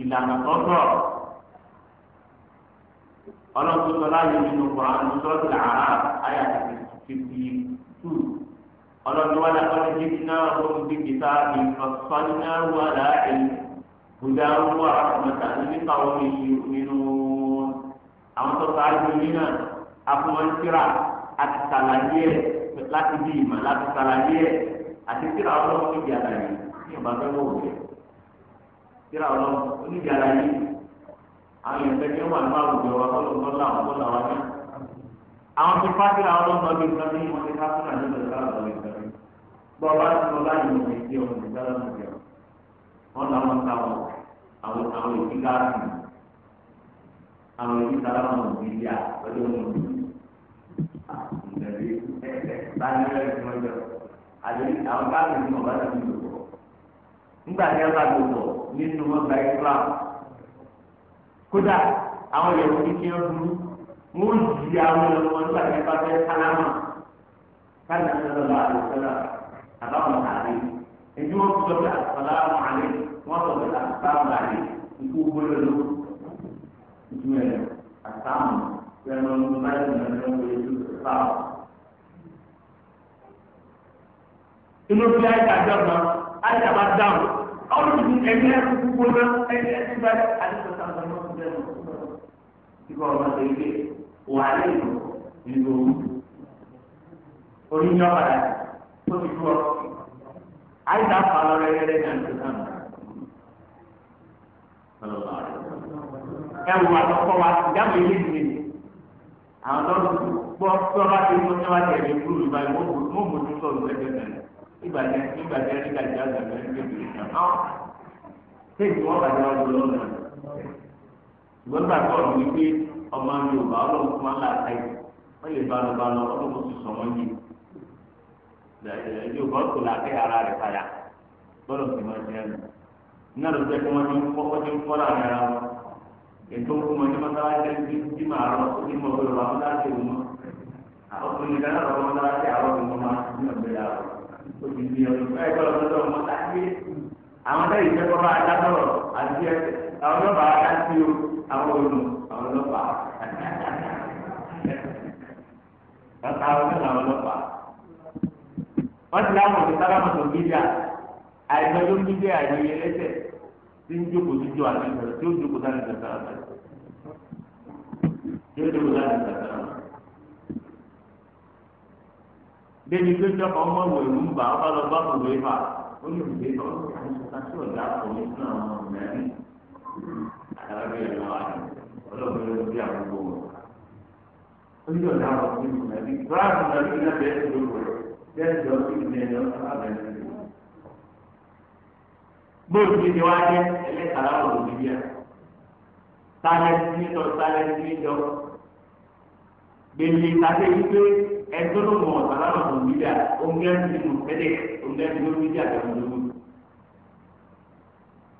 ìlànà tọ́tọ̀ ọlọ́run tó sọ láàyè nínú kùrán ní sọ́ọ̀tì làárá àyà fífi tù ọlọ́run tó wà lápẹ́rẹ́ jíjí náà ló ń bíbi tá a fi fọ́nì náà wà láàyè gbogbo àwọn wà mọ̀tà nípa omi nínú àwọn tó sọ àjò yìí náà afọmọsíra àti sàlàyé láti bí ìmọ̀ láti sàlàyé àti síra ọlọ́run níbi àlàyé ní ìbáfẹ́ wọ̀ wọ̀ síra ọlọ́run níbi àlàyé àwọn èèyàn tẹ́kẹ́ wà ní àwùjọ wa kọ́ ló ń tọ́lá àwọn kọ́lá wa ní. àwọn ti fásitì àwọn ọlọ́dún ọdún ìgbà ní wọn ti fásitì àti ìgbà sára ọ̀dọ̀ ìgbà ní. bọ́ ọba ti lọ láyé ìwé ìdí ọmọ ìgbà lọ́dún ìgbà wọn làwọn ta wọn àwọn àwọn èyí káàkiri àwọn èyí sára wọn ò bí yá lọ́dún ọdún ìgbà ní. ìgbà bá lò pọ̀ kódà àwọn yẹ̀wò kékeré ọdún wọ́n yí àwọn ọmọ nígbà tí wọ́n bá fẹ́ sálámà káàdì sọ̀rọ̀ bá àlè sọ̀rọ̀ àbáwọn àlè èyí wọ́n sọ pé àsàlámù àlè wọ́n sọ pé àsàlámù àlè ikú gbọ́dọ̀ ló ju ẹ̀ àsàlámù ẹ̀rọ báyìí ní ẹ̀rọ ìwé tó sáà. inú bí àyíká dọ́gba àyíká bá dáhùn ọ̀rọ̀ tuntun ẹ̀mí ẹ̀kú gbogbo náà sẹ́nu tí kò ọmọ tó yẹ wà lẹ́nu nínú oníyàn padà tó ti dúró àyíká fàlọ́ rẹ̀ yẹ lẹ́nu àti sàmù. ẹ wù wà lọ́kọ́ wa ìyáàmù ilé ìdílé ni àwọn tó gbọ́ tó bá ti mú ní wá tẹ̀lé kúrú ìgbà yìí mo mú tó sọ̀rọ̀ lẹ́gbẹ̀ẹ́ náà nígbà tẹ nígbà tẹ nígbà tẹ àgbà mẹ́rin ló bèrè náà. Téèkì wọn bàjẹ́ wọn lọ lọ́nà ṣùgbọ́n nígbà tó ọ̀rọ̀ wípé ọmọ yorùbá ọlọ́run fún wa láàká yìí wọ́n lè bá lọ bá lọ ọlọ́run ti sọ wọ́n yìí yorùbá kò láàká ara rẹ̀ padà gbọ́dọ̀ sì máa jẹ́ ẹnu iná ló jẹ́ kí wọ́n ti ń fọ́ wọ́n ti ń fọ́ láàrin ara wọn ètò òkúmọ̀ ní mọ́tàlásẹ́ tí màá rọ ní mọ̀ yorùbá mọ́tàlásẹ́ òun mọ́ àwọn ọkùnrin kan náà rọ mọ́tàlásẹ́ àwọn ọkùnrin máa ń gbé àwọn òtún àwọn tẹ́lifíṣẹ́ kọ́ bá a dá àwọn yóò àwọn olù àwọn ọlọ́pàá kàkà àwọn náà làwọn ọlọ́pàá wọ́n ti láwọn òbí sábàmù tó mídíà àìmọye mídíà àìmọye ẹlẹ́sẹ̀ tí ń jókòó jíjọ àti ìfẹ́ tí ó jókòó dání ìfẹ́ sára tí ó jókòó dání ìfẹ́ sára. débi pé jọba ọmọ ìwé ìlú ń bà ọba lọ bá òwe fà ó ní òwe fà ó ní àìsàn tí ọ̀dà kò ní fún àwọn ọmọ mẹ́rin arábìnrin náà wà ní ọlọ́run ló ń bí àwọn gbogbo wọn. ó ní ọ̀dà àwọn ọmọ ìlú nàbí fúlàmù nàbí iná bẹ́ẹ̀ tó ló wọ̀ bẹ́ẹ̀ tó ti ní ẹ̀yọ́ sábẹ́ ní ìlú. bóòlù mi ni wàá jẹ́ ẹlẹ́kàlá ọ̀rọ̀ mi bíyà tálẹ́ntì nítọ́ tálẹ́ntì nítọ́ gbèlè tàbí wípé ẹgbẹ́ ló mọ̀ ọ̀sán láwọn ọ̀rọ̀ mi bíyà ó ń gẹ́rù nínú fẹ́lẹ́ ó ń gẹ́rù nínú fídíà tó ń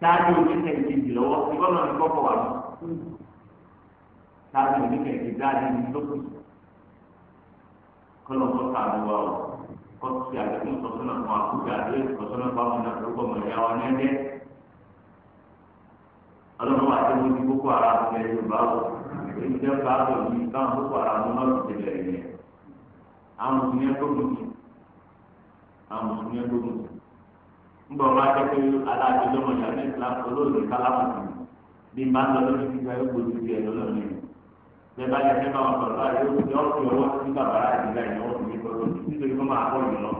táàbí oníkẹ̀ ìkejì lọ́wọ́ ìwọ́n náà ní kọ́kọ́ wà lọ. táàbí oníkẹ̀ ìkejì dáadé ní lókùn. kọ́lọ̀ kọ́ sàánú wa o kọ́ sí àdéhùn sọ́sọ́nà kan àkókò àdéhùn sọ́sọ́nà kan àwọn àdúgbò mọ̀lẹ́ wa ní ẹ̀dẹ́. ọlọ́run àti mo ti kókó ara mi ẹ̀ yorùbá o èyí jẹ́ báàbò mi káwọn kókó ara mi náà ti tẹ̀lé ẹ̀ yẹn. àwọn mùsùlùmí ńgbọ wa jẹ pé aláàbí lọmọ ìyàwó islam olóòlù kálámù sí bí n bá ń lọ lórí gbígbà yóò gbòdì sí ẹ lọlọ mi bẹ́ẹ̀ bá yẹ fẹ́ bá wọn sọ̀rọ̀ láti yóò fi ọkọ ọwọ́ sí bàbá àdìgbà ìyàwó mi kọlọ nítorí kó máa kọ ìlọ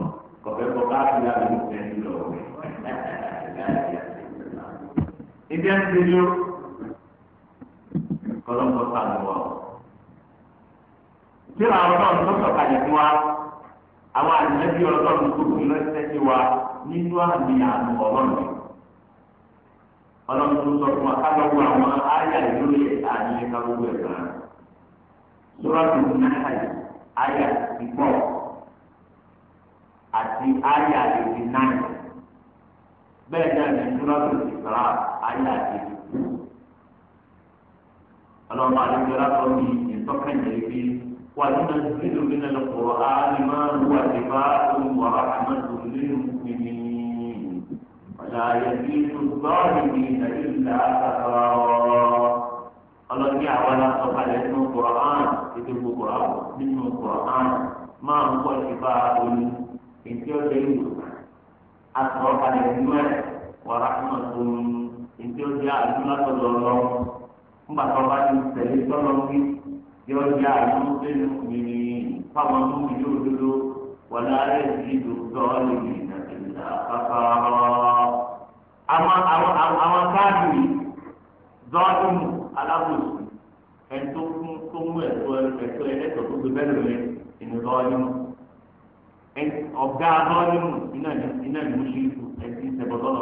kọfẹ kọ káàkiri àbí ìfẹsí lọ wẹ. ìdí ẹsẹ̀ yó kọlọmọ sàlùwọ. tí àwọn ọlọ́run tó sọ̀kalẹ̀ fún wa àwọn àdìmẹ́bí ọlọ́run tó kún lọ́sẹ̀ sí wa nínú àmì àmì ọlọ́run ọlọ́run tó sọ fún wa ká lọ́wọ́ àwọn àyà ìlúlẹ̀ àmì ẹ̀ka gbogbo ẹ̀ kan sọ́ràtù náírà àyà ìgbọ́ àti àyà ìdí náírà bẹ́ẹ̀ náà ní sọ́ràtù ìsra àyà ìdí ọlọ́run àti ìsra tó ní ìtọ́kànjẹ́ bíi. وننزل من القرآن ما هو شفاء ورحمة للمؤمنين ولا يزيد الظالمين إلا كفارا ọlọ́ni àwọn asọ̀kalẹ̀ nínú kùrọ̀án ètò ìgbòkùrọ̀ nínú kùrọ̀án máa ń pọ̀ sí bá olú ètò ọ̀dẹ́ ìlú asọ̀kalẹ̀ nínú ẹ̀ wàrà fún ọ̀tún ètò ọ̀dẹ́ àdúrà tọ̀dọ̀ lọ ńgbà tó bá ti tẹ̀lé tọ́lọ́ wí yọ ya àánú nínú mímí fáwọn tó ń yóò dodo wọn láàárẹ̀ ìdílé dọ́ọ̀lì ìdàgbà kàkàrọ̀. àwọn àwọn àwọn káàdì dọ́ọ̀lì alábòsí ẹni tó fún tó mú ẹ̀tọ́ ẹ̀tọ́ ẹlẹ́tọ̀ tó gbé bẹ́ẹ̀ lóye ìnú dọ́ọ̀lì mu ọ̀gá dọ́ọ̀lì mu iná ní mo ṣe ikú ẹtí ìṣẹ̀bọ̀tọ̀nà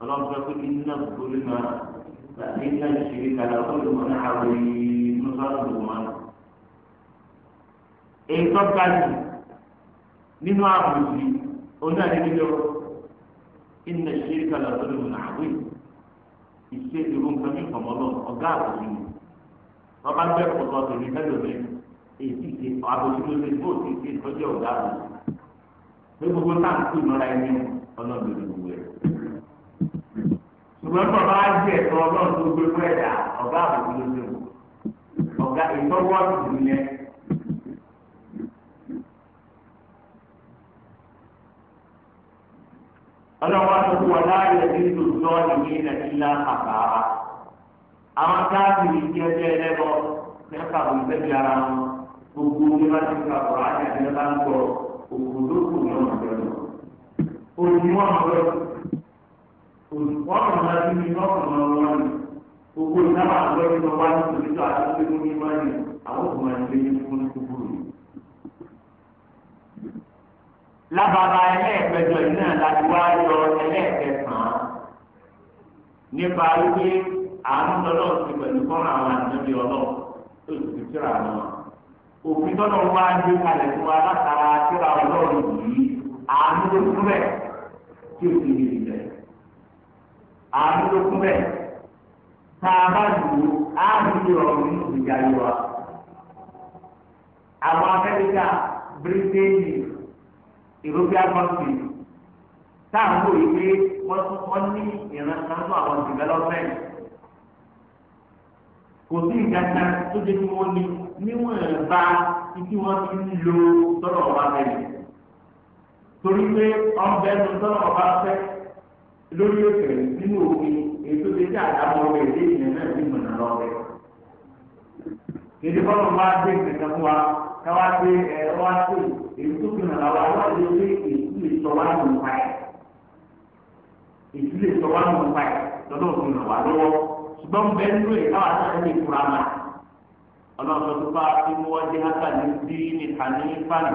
ọlọ́run fẹ́ pé iná gbólé náà iná ìṣeré kalẹ̀ ọlọ́run náà sọ́dọ̀ ji, èyí tó ga jù nínú àbùsí oná nílò iná ṣírí kalẹ̀ lọ́dọ̀ lùmọ́nù àwẹ̀ ìṣe irú nǹkan ní ìfọ̀mọ́lọ́ ọ̀gá àbùsí mi bàbá gbẹ pọ̀tọ́ tèmi mẹ́lòmí èyí ti àbùsí ló ti bó ti ti tọ́jú ọ̀gá àbùsí. pé gbogbo táà ń kú ìmọ̀ra ẹni gbogbo ẹ̀ ọ̀gá ìtọ́wọ́ ìlú yẹn. ọlọ́wọ́ tó kú ọ̀dà rẹ̀ ní ìdòdó na nàìjíríà àbára. àwọn káàkiri jẹ́ ẹgbẹ́ ẹlẹ́bọ mẹ́fà kò ní bẹ́ẹ̀ ara wọn gbogbo ní bá ti fà kọ́ àti ń kù ní olùwọ́n bá a ti gbé ní máa ní àwọn tó máa ń gbé ní fún ní kúkúrú yìí. lábàbà ẹlẹ́ẹ̀kẹjọ yìí náà láti wá yọ ẹlẹ́ẹ̀kẹsàn-án nípa wípé àánú lọ́dọ̀ ti pẹ̀lú kọ́ra àwọn àdébí ọlọ́ tó ti fi kíra àwọn. òfin tọ́lọ̀ wá gbé kalẹ̀ fún wa látara kíra ọlọ́run yìí àánú ló kún bẹ́ẹ̀ tí ó ti rí rí bẹ́ẹ̀ àánú ló kún bẹ́ẹ̀ tá a bá lù ú á fi ọ̀rọ̀ nínú ìjà yìí wa. àwọn Amẹ́ríkà Bírítéènì European country táwọn kò yí pé wọ́n ní ìrànkan fún àwọn development kò sí ìdájá tó dé kí wọ́n ní níwọ̀n ẹ̀bá tí wọ́n ti ń lo tọ́lọ̀ ọba bẹ̀rẹ̀ torí pé ọ̀bẹ tó ọba fẹ́ lórí ètò nínú òfin ètò ìdíje àdámọ́ ọbẹ̀ èdè ìyẹn náà ti mọ̀nà lọ́wọ́ èdè bọ́lá wa dé ìgbẹ̀tẹ̀ fún wa káwá dé ẹ̀rọ wa tó èyí tó fi nàlá wa wá lè dé èyí lè sọ wá nù pa ẹ̀ èyí lè sọ wá nù pa ẹ̀ lọ́dọ̀ fi nà wá lọ́wọ́ ṣùgbọ́n bẹ́ẹ̀ ló yẹ káwá náà lè fura mà ọlọ́sọ tó bá fi mú wọ́n dé ní bí ní hàní fani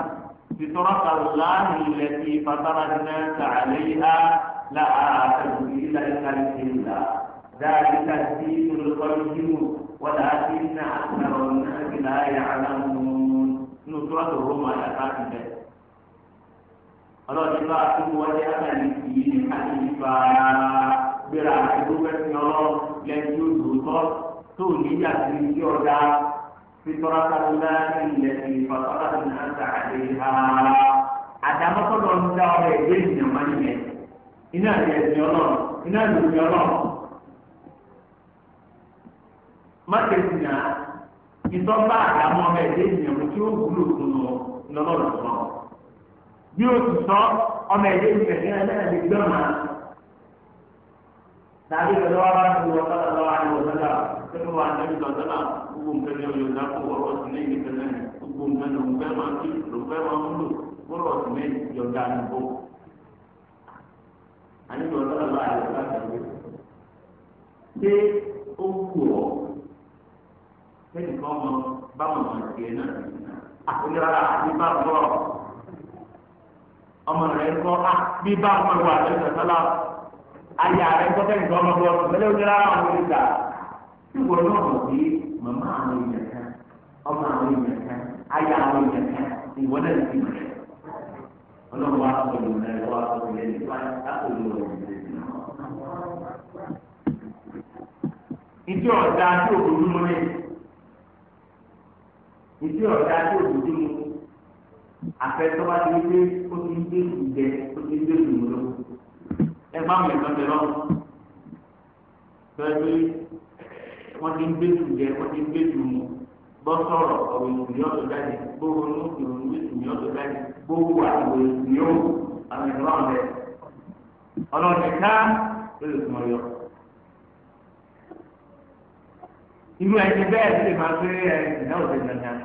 tìtọ́rọ́ kàlá ní ilẹ̀ tí fatara ní náà tà àlẹ́ yìí لا أعتقد إلا الكلمة ذلك الدين القيم ولكن أكثر الناس لا يعلمون نصرة الروم على كاتبة ọlọ́run bá tún wọlé àtàlẹ́ yìí ní káàkiri bá gbéra ìdúgbẹ́sìn ọlọ́run lẹ́yìn tó dùn tọ́ tó níyà sí ilé ọ̀dà فطرة الله التي فطر الناس عليها أدمت الله عليه من iná àti ẹ̀sìn ọlọ́run iná àti òfin ọlọ́run mákèsì náà ìtọ́ba àdámọ́ ọmọ ẹ̀dẹ́ ìyẹ̀wò tí ó wúlò fún un lọ́lọ́run sọ bí o ti sọ ọmọ ẹ̀dẹ́ ìyẹ̀wò ẹlẹ́ẹ̀dẹ́ gbọ́mà tàbí ìtọ́jú wa bá ń fi wọ́n sọ́dọ̀ lọ́wọ́ àti wọ́n sọ́dọ̀ sẹ́nu wa ní ìtọ́ sọ́dọ̀ gbogbo nǹkan ní ọyọ ìdá kó wọ́rọ́ sí ní ìgbésẹ̀ náà gbogbo nǹkan ní òun fẹ́ máa ń fi òun fẹ́ máa ń lò wọ́rọ́ sí ní ìyọ̀dá pé ó wù ọ́ lẹ́nìkan mọ báwọn ọmọ ìgbẹ́ náà àkójọ́ra àti bá bọ́ọ̀ ọmọ rẹ̀ ń kọ́ á bí bá ọmọ ìwà rẹ̀ ń sọ̀tọ́lá ayé rẹ̀ ń kọ́ kẹ́nìkan ọmọ bọ́ọ̀ mẹ́lẹ́ òjòrá àwọn ọmọ ìgbà tí wọ́n náà mọ̀ sí màmá àwọn èèyàn kan ọmọ àwọn èèyàn kan ayé àwọn èèyàn kan ìwọ́n náà ti mọ̀ ọlọ́run wa sọ̀rọ̀ ìrìn àjò wa sọ̀rọ̀ ìrìn àjò ìdí ọ̀dà tí òdòdúmọ́ lé ìdí ọ̀dà tí òdòdúmọ́ afẹ́tọ́ bá ti gbé ó ti gbé ìgbẹ́ ó ti gbé ìmúlò ẹ má mi kan bẹ̀rẹ̀ ọ̀hún pẹ̀lú wọ́n ti gbé ìgbẹ́ wọ́n ti gbé ìmú bọ́ sọ̀rọ̀ ọ̀rọ̀ ìsìn yọ̀tọ̀ jáde gbogbo inú ìrònú ìsìn yọ̀tọ̀ jáde gbogbo àtìwò ìsìn yóò àwọn ìrọ̀lẹ́ ọlọ́ọ̀dẹ̀ká ló lè fún ọ yọ. irú ẹni bẹ́ẹ̀ ti lè máa pé ẹni ìdá òde dandan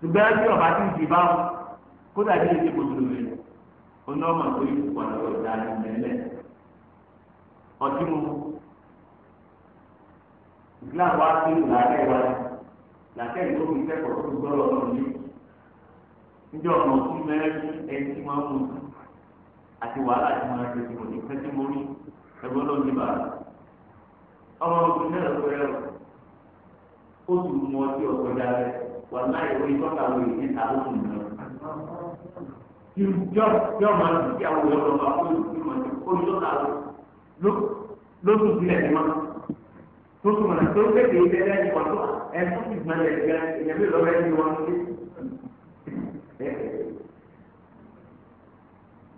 ṣùgbọ́n tí ọba ti ń di báwọn kódà bí ẹni kò tó lè oní ọmọ tó yí pọnà ọjà ìmẹlẹ ọtí mu islam wa ti ń là ẹ wa làtẹ ìlú mi kẹ́kọ̀ọ́ tó gbọrọ ọmọ mi níjọ ọmọ tó mẹ́rin ẹni tí wọn mú àti wàhálà tí wọn ti mú ní pẹtí mórí ẹgbẹ́ ló ń dìbà ọmọ ògùn náà lọ pẹrẹ o ó sì mú ọtí ọ̀gbọ́dá rẹ̀ wà láì wọ ìtọ́ka wọ èyí ta ó sì mú yọ yọ máa ń fi àwọn ọ̀dọ́ máa kó ìmọ̀ kó ìtọ́ka lọ lóṣù sílẹ̀ ní ma lóṣù mọ̀nà tó ń kéde ilé ìwà tó ẹ̀ tó ti gbọ́n lẹ̀ gbẹ́ ẹ̀yẹ́ bí lọ́wọ́ ẹ̀ ní wọn lé.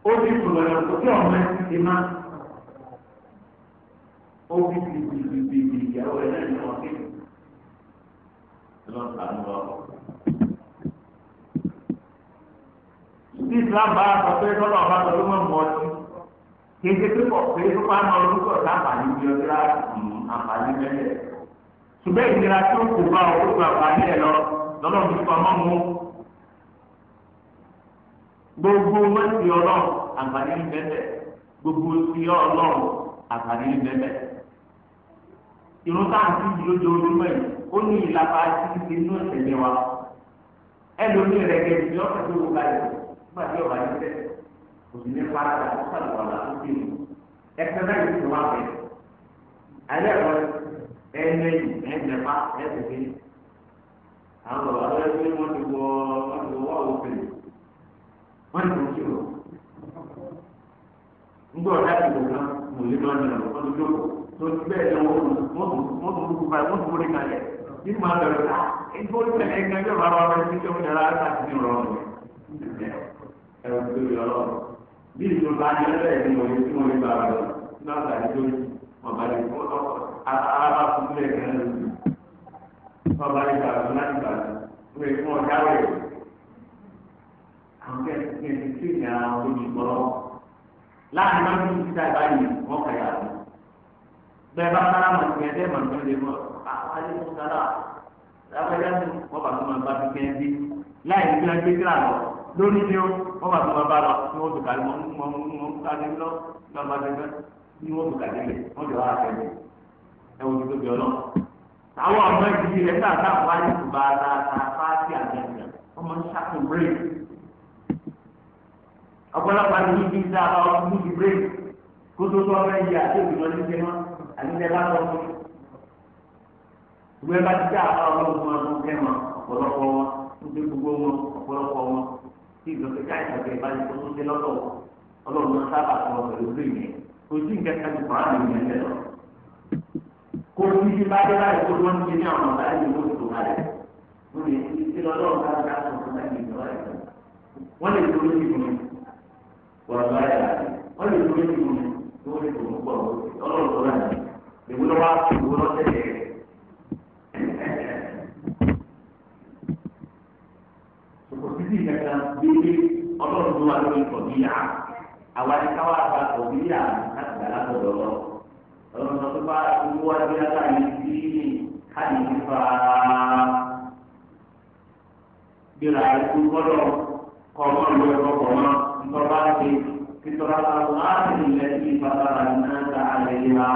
ó ti sọ̀rọ̀ ẹ̀ kó tí ọ̀mọ ẹ̀ ó fi ti ìyàwó ẹ̀ náà ní wọn lọ sànù lọ. Tí Islam bá sọ pé tọ́lọ̀ bá sọ ló mọ̀ mọ́ ọtí, kéde pípọ̀ pé sí àǹfààní bí ọjọ́ àǹfààní mẹ́lẹ̀. Ṣùgbọ́n tí ó bá àǹfààní ẹ̀ Gbogbo mẹ́sì ọlọ́run àǹfààní mẹ́lẹ̀. Gbogbo sí ọlọ́run àǹfààní mẹ́lẹ̀. ó ní ìlàpá títí inú ìtẹ̀lé wa ẹlòmí rẹ̀ gẹ̀ẹ́sì ọ̀sẹ̀ tó wù báyìí nígbà tí ọba yìí tẹ̀ kò sì ní parada ó sàlùwà là ó dé mu ẹsẹ̀ náà yìí tó wà bẹ́ẹ̀ ayé ẹ̀rọ ẹ̀ẹ́nẹ́ yìí ẹ̀ẹ́nẹ́fà ẹ̀ẹ́dẹ̀gbẹ́ àwọn bàbá tó yẹ kí wọ́n ti wọ wọ́n ti wọ́ òfin wọ́n ti wọ́n ti wọ́ ngbọ́ ọ̀dà ti wọ̀ kan mò ń lé lọ́nà ọ̀dọ́ tó ti bẹ́ẹ̀ lọ́wọ́ mọ́tò mọ́tò mọ́tò nínú máa bẹ̀rẹ̀ ká ẹgbẹ́ olùfẹ̀lẹ́ ẹgbẹ́ ẹgbẹ́ máa wà wọlé títí ọmọdé ara ẹ̀ka ti ní ọ̀rọ̀ rẹ̀ ẹ̀rọ tó yọ lọ. bí ìlú bá ní ẹgbẹ́ ẹ̀dín wọlé tí wọ́n lè bá wà lọ náà gbà tó ọba lè kó alábà fún ilé ẹ̀ka ló ń bọ̀ ọba lè gbà tó láti gbà tó wọ́n lè fún ọjà rẹ̀. àwọn kẹ́kẹ́ tí ní àwọn olùkọ́ láàrin máa ń bí ìta ìbáyìí wọ́n kà yà àwọn alẹ́kùn sára lábẹ́yà ni wọ́n bá tó máa bá fi kẹ́ bí láì ní kíláà gbé kíláà lọ lórí ni ó wọ́n bá tó máa bá lọ ní wọ́n tó kàlí mọ́ mọ́ mọ́ kàlí lọ lọ́ bá tẹ́fẹ́ ní wọ́n tó kàlí lẹ̀ wọ́n lè wá àtẹ̀lẹ̀ ẹ wo tó bíọ́ náà. àwọn ọmọ ìdílé rẹ̀ náà náà wá ní ìgbà àtàtà fáàtì àtẹ̀lẹ̀ ọmọ ń ṣàkóso bírèk ọ̀pọ̀lọpọ̀ àti ní kí n sábà ọmọ ọmọ ìwé bá ti dá àwọn ọlọ́run máa ń kẹ́ wọn ọ̀pọ̀lọpọ̀ wọn níbi gbogbo wọn ọ̀pọ̀lọpọ̀ wọn tí ìgbọ̀nsẹ̀ ká ìgbọ̀nsẹ̀ bá ti tó dé lọ́dọ̀ ọlọ́run máa sábà sọ pẹ̀lú orí yẹn kò sí nǹkan kan tó fara mi yẹn lẹ́lọ. kò sí bá dé láì tó wọ́n ti ní àwọn ọ̀gá yìí ló tó wà wọ́n lè ti ti lọ́dọ̀ọ̀run wọ́n lè tó lórí ìgbọ̀n wọ́n lè tó lórí ìgbọ̀n sí ìkẹta bíbí ọlọ́run tó wà lórí kọ̀bíyà àwa ni káwá àgbà kọ̀bíyà láti gbà látọ̀dọ̀ lọ. ọlọ́run sọ pé bá gbogbo wa bí ata yìí sí káyì nípa gbéra ikú gbọ́dọ̀ kọ́ ọmọ ìlú ẹ̀kọ́ kọ̀ mọ́ nípa bá ti kíkọ́ra àwọn láti ilẹ̀ tí ìfasára náà ta àlẹ́ yìí rà.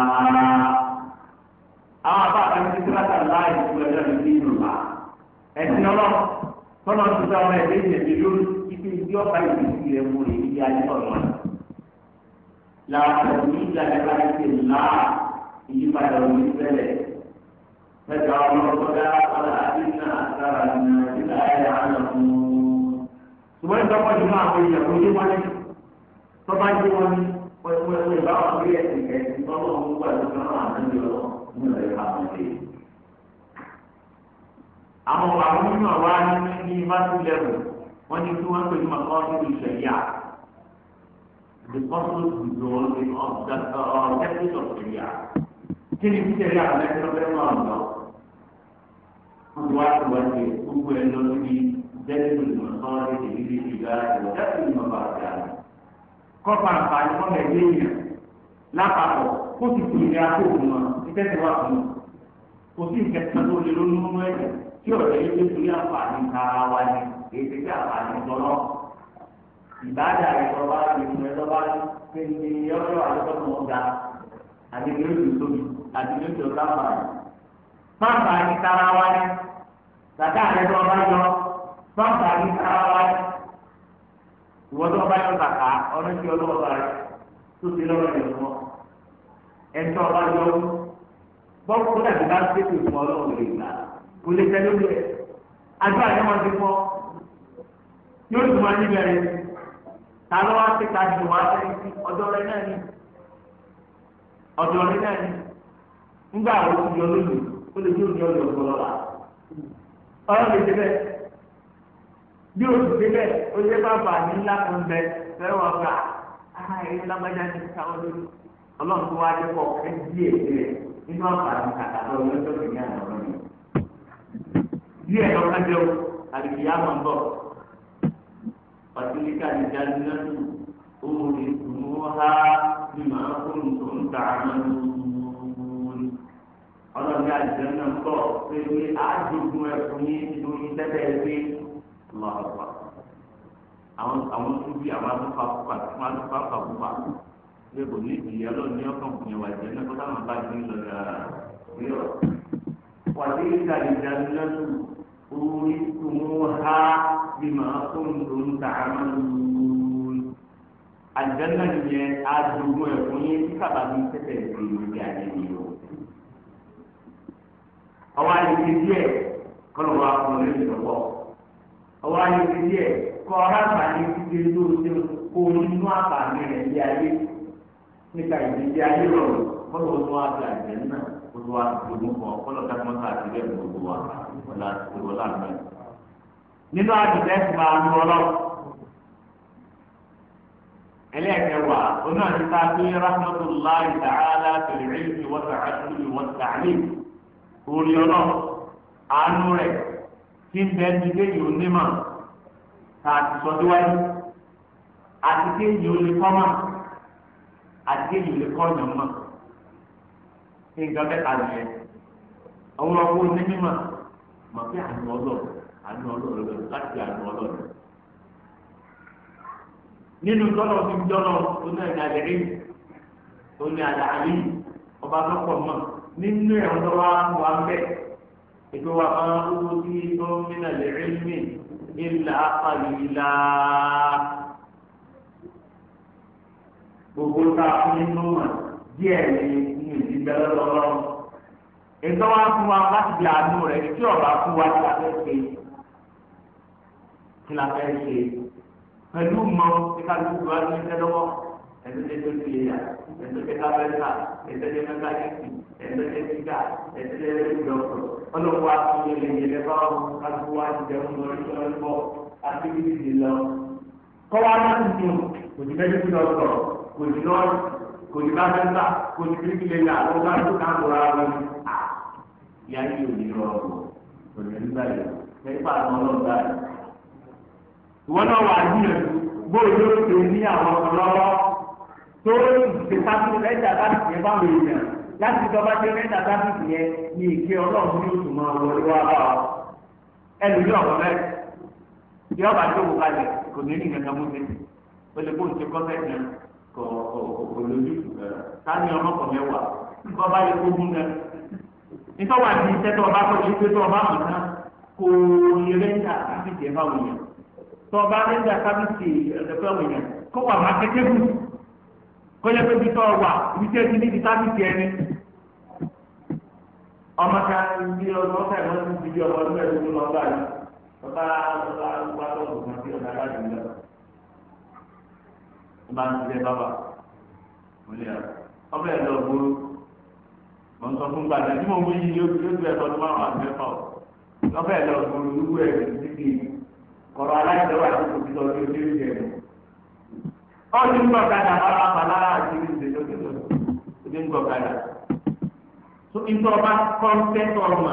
àwọn àbá àti kíkọ́ra kan láì fún ẹgbẹ́ mi ní ìlú wa ẹ̀sìn ọlọ́run tọ́nà ti sọ ọmọ ẹ̀dẹ́ ìṣẹ̀lẹ̀ lórí ibi ìdí ọ̀pá ìdíjì rẹ̀ mú rè níbi ayé ọ̀nà. Làásù ní ìgbàlẹ̀ bá ti ṣe ńlá ìyípadà òní bẹ̀rẹ̀. Mẹ́ta ọmọ ọ̀gá ọ̀la àdínà àtàrà nà nígbà ayé àná fún un. Ṣùgbọ́n ìtọ́pọ̀ jù náà àwọn èèyàn kò yé wọn ní. Tọ́ba yé wọn ní pẹ̀lú ẹ̀wọ̀n ìbáwọn orí ẹ̀sìn ẹ̀sìn tọ́lọ́ àwọn àwọn onímọ̀ wa ní yunifásitì lẹ́wù wọ́n ní kí wọ́n pè ní mọ̀kọ́sí ìṣẹ̀yà the possible control of the uh, objectives of Sharia. kí ni Sharia lẹ́tọ́ lẹ́nu ọ̀dọ́? wọ́n ti wá sí wá sí gbogbo ẹ̀ lọ sí dẹ́nu ìmọ̀sán èdè ìdí ìgbà ìwọ̀dẹ́sì ìmọ̀ba àgbà. kọ́pà àǹfààní wọn lè gbé èèyàn lápapọ̀ kó sì kú ìlera kó òun mọ̀ ní tẹ́sí wà fún un. kò sí ìkẹsàn tó lè lónú mọ́ ẹ̀jẹ̀ tí ọ̀rọ̀ yìí tó torí àǹfààní ara wa ni èyí tó ti àǹfààní tọ́lọ́ ìbáàdà ìtọ́ba ìfúnẹ́ tọ́ba ṣe ní ọjọ́ àdókòtò ọ̀gá àti ní oṣù tóbi àti ní oṣù káfà rẹ̀. Fáǹfà ní tara wa ni tàtà rẹ̀ tó ọba yọ fáǹfà ní tara wa ni ìwọ́n tó ọba yọ kàkà ọ̀nà tí ọlọ́wọ́ bá rẹ̀ tó ti lọ́wọ́ rẹ̀ fún Ẹ̀ńtọ́ ọba yọ bọ́ọ̀kú dàbí bá ń tètè fún ọlọ́wọ́ kò lè tẹ lórí ẹ àjọ àjọmọ ti fọ yóò tún máa níbẹ̀ rẹ ta ló wá sí káàdì wá sẹ́yìn sí ọjọ́ rẹ náà ni ọjọ́ rẹ náà ni ńgbà wo ti yọ lónìí ó lè yóò yọ lọ gbọlọ la ọlọ́run lè débẹ̀ bí o ti débẹ̀ o lè bá bà ní ńlá kan bẹ fẹ́rẹ̀ wọn gbà áhà ẹ̀yìn lágbájá ti sáwọn lórí ọlọ́run tó wá dé kọ ẹ̀ díẹ̀ díẹ̀ nínú àǹfààní kàkà lọ́wọ́ lọ́jọ́ kìíní àná díẹ̀ lọ́ka jẹ́ o àdìgbìyà máa ń bọ̀ pàtìlíkà ní jáde-jáde òun lè dùn ó há bí màá fún tó ń ta àmàlùmọ́ọ́n ọlọ́ọ̀ni àjẹ́ náà ń bọ̀ pé ní àjogún ẹ̀fọn yín lórí tẹ́tẹ́ ẹgbẹ́ lọ́wọ́ àwọn àwọn tó bí àwọn afọ́fà fún afọ́fà fàbùfà pé kò ní ìdíyẹ lọ́ọ̀ni ọkàn kò yẹn wà jẹ́ náà kó táwọn bá gbé lọ́dà rí ọ̀ wà sí ìdíjà ìdíjà lọ́dún. أورثتموها بما كنتم تعملون àjẹ́nà yẹn adùnmọ̀ ẹ̀fọn yẹn tí kàbà ní tẹ́tẹ̀ ìgbìmọ̀ ìgbà yẹn ni o. ọwọ́ àyèké díẹ̀ kọ́nà wà fún mi lọ́wọ́. ọwọ́ àyèké díẹ̀ kọ́ rábàní títí tó ṣe kó nínú àbàmì rẹ̀ bí ayé nípa ìdíje ayé rọrùn kọ́nà wọn wá gba àjẹ́nà olùwà àdùnmọ̀ kọ́nà kàtàkùn àti bẹ́ẹ̀ gbogbo wa ọ̀la ìwọ lànà nínú àdìsẹ́ ti máa lu ọlọ́run ẹlẹ́ẹ̀kẹwà oní àdìsá pé rahmatullahi ta'ala fil ilmi wa ta'allumi wa ta'lim orí ọlọ́run àánú rẹ̀ tí ń bẹ́ẹ̀ ní kéyìn onímọ̀ tá a ti sọ àti kéyìn olùkọ́mọ̀ àti kéyìn olùkọ́nyọ̀mọ̀ nǹkan bẹ́ẹ̀ kà lóye àwọn ọkọ̀ onímọ̀ mọ̀ pé àánú ọlọ́run àánú ọlọ́run lọ láti àánú ọlọ́run. nínú tọ́lọ̀ fi jọ́lọ̀ tó náà ní alẹ́ rí tó ní alẹ́ àlè ọba lọ́pọ̀ mọ̀ nínú ẹ̀rọ tó wá wà ń bẹ̀ ètò wa máa ń wúwo gómìnà lẹ́rẹ́ mi ìlà àpàlìlà gbogbo tá a fún nínú díẹ̀ ní ìdígbẹ́lẹ́ lọ́wọ́ ètò wa fún wa láti di àánú rẹ̀ tí ọba fún wa ti la fẹ́ ṣe ti la fẹ́ ṣe pẹ̀lú mọ kíkà tó wà ní ẹsẹ̀ lọ́wọ́ ẹsẹ̀ tó ti lè yà ẹsẹ̀ tó ká fẹ́ ta ẹsẹ̀ tó ká yẹ kì ẹsẹ̀ tó ti ká ẹsẹ̀ tó yẹ lọ́kọ̀ ọlọ́wọ́ àti yẹlẹ yẹlẹ bá wọn kájú wa ti jẹun lórí ọlọ́wọ́ àti bíbí ti lọ. kọ́wá náà ti dùn kò ní bẹ́ẹ̀ kò ní bá fẹ́ ta kò ní bíbí lè yà lọ́wọ́ ìyá yìí ò ní rọrùn kò ní rí nípa àwọn ọlọ́ọ̀dà rẹ̀. ìwọ náà wà á yíyan bóyá ní àwọn ọlọ́wọ́ tó ti sáfù ẹ̀dá láti yẹn bá wọ èèyàn láti tọ́ bá dé ẹ̀dá láti yẹn ní ìké ọlọ́run ní oṣù máa wọlé wá bá ọ. ẹnu yóò wọ bẹ́ẹ̀ tí ọba tó wù kalẹ̀ kò ní ní nǹkan mú mi o lè kó nǹkan kọ́fẹ́ yẹn kò lójú sani ọmọkọ̀ mẹ́wàá bọ́ba yẹ kó gún náà nítorí àti iṣẹ́ tó ọba kọ́ ṣe pé tó ọba mọ̀ náà kò yẹ rẹ́ńdà kábíyèsí ẹ̀ fáwọn èèyàn tó ọba rẹ́ńdà kábíyèsí ẹ̀ fáwọn èèyàn kó wà má kẹ́kẹ́ bù kọ́jà pé bí tó ọwà ibi tí ẹ ti níbi kábíyèsí ẹ ní. ọmọ ká bí ọdún ọ̀sẹ̀ wọn ti di bí ọmọ ọdún ẹ̀rọ ló lọ́ọ́ báyìí ọba ọba ọba tó ọ̀gbọ̀n kan sí ọ̀dà aláàbò lọ. ọba ń ṣiṣẹ́ bábà ọbẹ̀ ẹ̀ lọ gbóró mo ń sọ fún gbàdá tí mo ń wí yìí ló gbé ẹ̀fọ́ márùn-ún àti mẹ́fà ọ̀ lọ́fẹ̀ẹ́ lọ fún olúwo ẹ̀ títí kọ̀rọ̀ aláìsọ̀rọ̀ àti kò títọ́ ní ojú ìjẹ́ mi. ọ̀sìn ń gbọ̀kadà ara pàlára àti ìṣe lókè lọ́sọ̀ ojú ń gbọ̀kadà. ìtọ́ba kọ́ńtẹ́tọ̀ ọ̀mà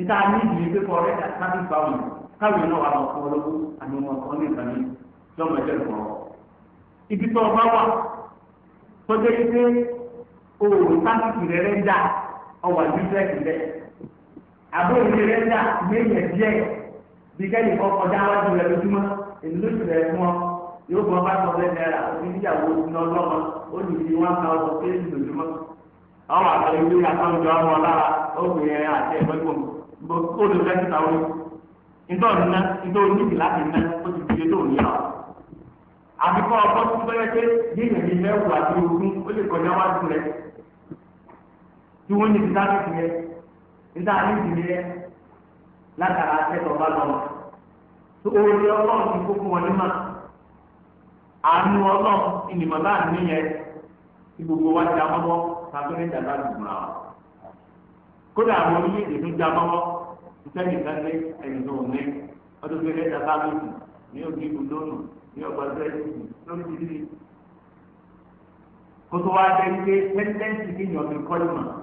ìta ní ìdílé pé kọ́ rẹ́ta kábí báwọn káwé náà wà lọ́kọ́ olówó o sáfìkì rẹ̀ rẹ̀ ń dà ọwọ́ àdúgbò ẹ̀sìn bẹ́ẹ̀. àbúrò mi rẹ̀ dà méjì díẹ̀ bí kẹ́lí kọ́ kọjá wájú rẹ̀ lójúmọ́ èmi ló tẹ̀lé fún ọ yóò bọ́ bá tọ́ bẹ́ẹ̀ náírà òbí níyàwó ó wọn ká ọkọ̀ lójúmọ́. ìlú jọ ọmọ lára lè ìtọ́ ìná ìtọ́ oníbi láti ná tí wọ́n ní ìdá ní ìdílé ìdá ní ìdílé látara akẹ́kọ̀ọ́ bá lọ́wọ́ tó oore ọlọ́run ti kókó wọn nímà àánú ọlọ́run ìnìmọ̀ bá ní yẹn tí gbogbo wa já mọ́wọ́ kátó ní ìdàgbà dùgbà wọn kódà àwọn orílẹ̀-èdè tó já mọ́wọ́ ìtẹ́yìn kan ní ẹ̀yìn tó ní ọdún tó ní ìdàgbà méjì ní òbí ìbùdónù ní ọgbà bẹ́ẹ̀dì lórí títí kótó wa jẹ́ pé pẹ́ńtẹ́ńtì kéèyàn fi kọ́ ìmọ̀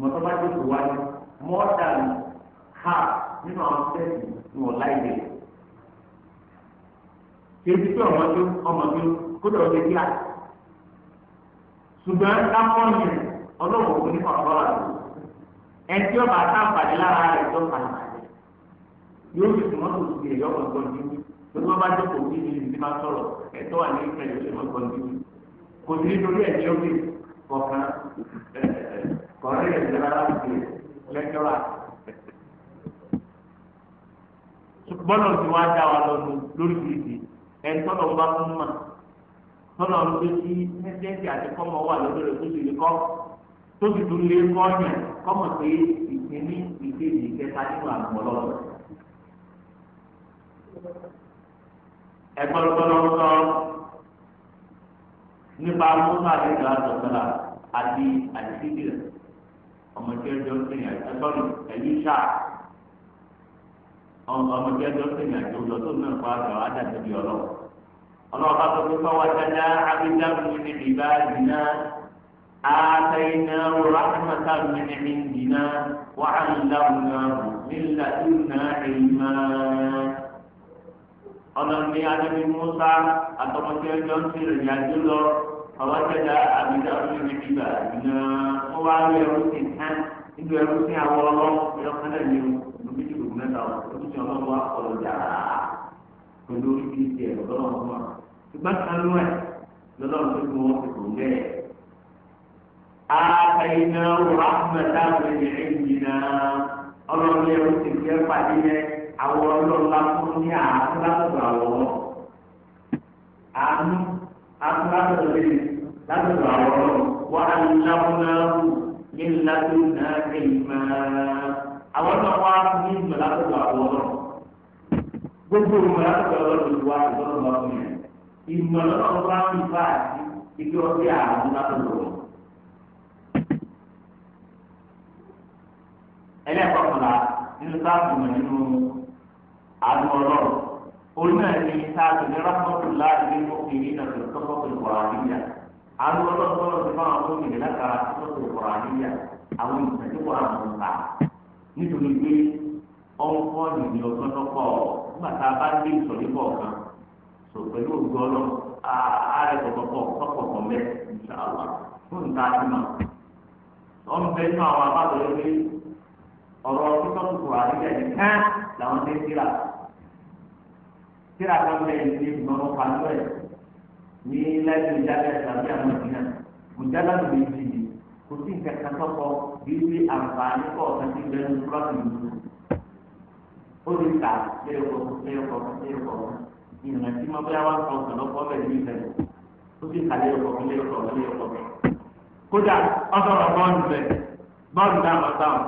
mọ̀tọ́ba tó tó wáyé mọ́ọ̀dàn ha nínú àwọn sẹ́ẹ̀tì ní wọ́n láì lè. Kèéjì pé ọmọ tó ọmọ tó kódà ọdẹ kíá. Ṣùgbọ́n káwọn yẹn ọlọ́wọ́ kò ní kọ̀ọ̀kọ́ rà lọ. Ẹni tí ọba àtàǹfààní lára rẹ̀ tó kà á yóò fi tòmọ́ tó ti ẹ̀yọ́ ọ̀gbọ̀n dídí lórí wọn bá jẹ́ kò ní ìlú ti máa sọ̀rọ̀ ẹ̀tọ́ wà ní ìfẹ́ ìlú ọ̀gbọ̀n dídí kò sí nítorí ẹ̀jẹ̀ ó lè kọ̀ọ̀kan ẹ̀ kọ̀ọ̀rẹ́ yẹn ti rárá sí lẹ́kọ̀ọ́ bọ́lọ̀ tí wọ́n á dá wa lọ́nu lórí ìdí ẹni tọ́lọ̀ ń bá fún mà tọ́lọ̀ ń gbé sí ẹ́sẹ̀ǹsì àti kọ́mọ wà lọ́dọ̀ rẹ̀ tó sì lè kọ́ tó sì tún lé kọ́ọ̀yàn kọ́mọ pé ìpínlẹ̀ ìkejì ìkẹta nínú àgbọ̀ lọ́wọ́. ẹ̀gbọ́n tọ́lọ̀ ń sọ nípa mọ́tò àti ìgbà àtọ̀tọ̀là àti àdìsíbìrì. ọmọ tí ẹjọ ń sìn àjò sọrí ẹlíṣà ọmọ tí ẹjọ ń sìn àjò lọ tó náà kó àgbà wá dàbí bí ọlọ ọlọ́wọ́ bá tó fi fáwọn ajá abidáhùn ní ìbá ìdìnnà آتيناه رحمة من عندنا وعلمناه من لدنا علما ọlọ́ni adébí musa àtọmọdé ẹjọ́ ń ṣe ìrìn àjò lọ ọba jẹta àbíjà olóyè bíbà ìnà wọn wá rí ẹrú sí hàn níbi ẹrú sí àwọn ọlọ́wọ́ ẹ̀rọ kan náà ní olùbí ti gbogbo mẹ́ta olùbí ti ọlọ́wọ́ wa kọ̀ lọ́jà pẹ̀lú oríṣi ti ẹ̀rọ lọ́wọ́ fún wa ṣùgbọ́n kan ló ẹ̀ lọ́dọ̀ tó kún wọn ti kò lẹ́ẹ̀. àtàyìnà rahmata wẹ̀lẹ̀ ẹ̀yìnà ọlọ́run ẹrú ti fi ẹ́ pàdé yẹn àwọn ọlọ́run akpákò lè látọ̀tọ̀ àwọn wa aláwòrán ní látọ̀ náà kéèmà àwọn náà wá ní ìmọ̀ látọ̀tọ̀ àwọn náà gbogbo ìmọ̀ látọ̀tọ̀ ọlọ́run ti wá ìtọ́nà bá fún yẹn ìmọ̀ lọ́wọ́ bá ń bá àti ike ọtí àrùn látọ̀tọ̀ wọn. ẹlẹ́kọ̀ọ́kọ̀lá nínú sáàpù mọ̀ nínú àdúgbò ọlọ́run onímọ̀ ẹni tá a ti ní rákọ́tù láàrin nínú ìrìn náà tó tọ́kọ́tù kọ̀ọ̀rọ̀díyà àwọn ọlọ́dọ́dọ́ ti fáwọn tó nìyẹn látara tọ́kọ́tù kọ̀ọ̀rọ̀díyà àwọn ìtàkùn àwọn ọ̀tà nítorí pé ọ̀nkọ́ nìyẹn ọ̀tọ́tọ́kọ̀ nígbà tá a bá dé ìsọ̀rí kọ̀ọ̀kan tó pẹ̀lú ògbó ọlọ́ ààrẹ kọ̀kọ̀kọ̀ kọ̀kọ̀kọ̀ mẹ́ ìṣàlá fún ìta ti mọ̀ wọ́n bẹ nínú àwọn abáwọlé pé ọ̀rọ̀ tọ́kọ̀tù kọ̀ọ̀rọ̀díyà nìkan làwọn dé síra tíra kan bẹ ní ìgbọ̀nmọ́ pàtó ẹ̀ ní lẹ́yìn ìjábẹ́ tàbí àwọn ìdílé bùjálà ló lè jì ní kò sí nǹkan kan tọkọ bí wí àǹfààní kọ̀ọ̀kan ti bẹ ní fúlọ́ọ̀tì nínú ó lè ta léèkọ̀ léèkọ̀ léèkọ̀ ìrìn tí mo bá wà sọ ọ̀sọ̀lọ́pọ̀ bẹ̀ ní ìfẹ́ ó sì ta léèkọ̀ léèkọ̀ léèkọ̀ kódà ọ̀sọ̀rọ̀ bọ́ọ̀lù bẹ̀ bọ́ọ̀lù náà máa táwọn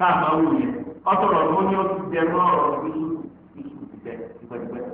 táwọn máa wù yẹn ọ̀sọ̀rọ̀ ló ti jẹ mọ́ ọ̀rọ̀ ìṣù ìṣù ìṣù ìṣù ìṣù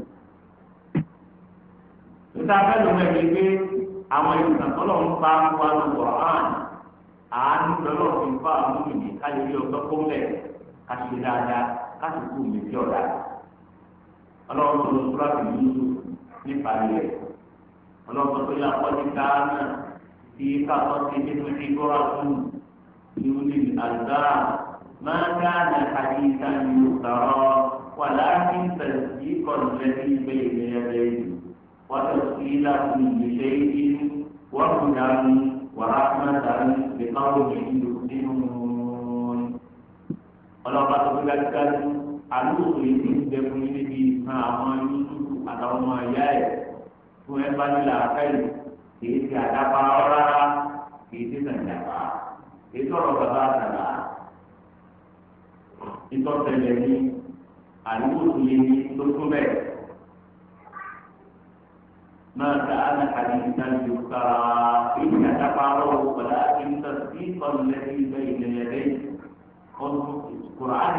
níta fẹ́ ló mẹ́rin pé àwọn ìtàn tọ́lọ́run bá ń wá lọ Qur'an àánú lọ́lọ́run fi ń bá àwọn mímì káyọ̀ ilé ọ̀dọ́ kó mẹ́ ká ṣe dáadáa ká sì kú mi sí ọ̀dà ọlọ́run tó lọ sọ́ra fi yíyú nípa rẹ̀ ọlọ́run tó yà kọ́ ní tí káàkọ́ ti ní tó ti gbọ́ra fún ìwúlì àdúrà máa káàdà àdìsá ni yóò sọ̀rọ̀ wà láàrin tẹ̀sí kọ̀ọ̀lẹ́sì bẹ́ẹ̀ ní ẹgbẹ́ yìí. وتفصيل كل شيء وهدى ورحمة بقوم يؤمنون ọlọ́pàá tó fi dájúdájú alóòkè ní ìgbẹ́kùn níbi ìsan àwọn yúdú àtàwọn ọmọ ìyá ẹ̀ fún ẹ bá nílà àkàyè kìí ti àdápa rárá kìí ti sàǹdàpá kìí sọ̀rọ̀ bàbá àtàlà ìtọ́sẹ̀lẹ̀ ní alóòkè ní tó tún bẹ́ẹ̀. ما كان حديثا يذكر إن تفعله ولكن تصديق الذي بين يديه قرآن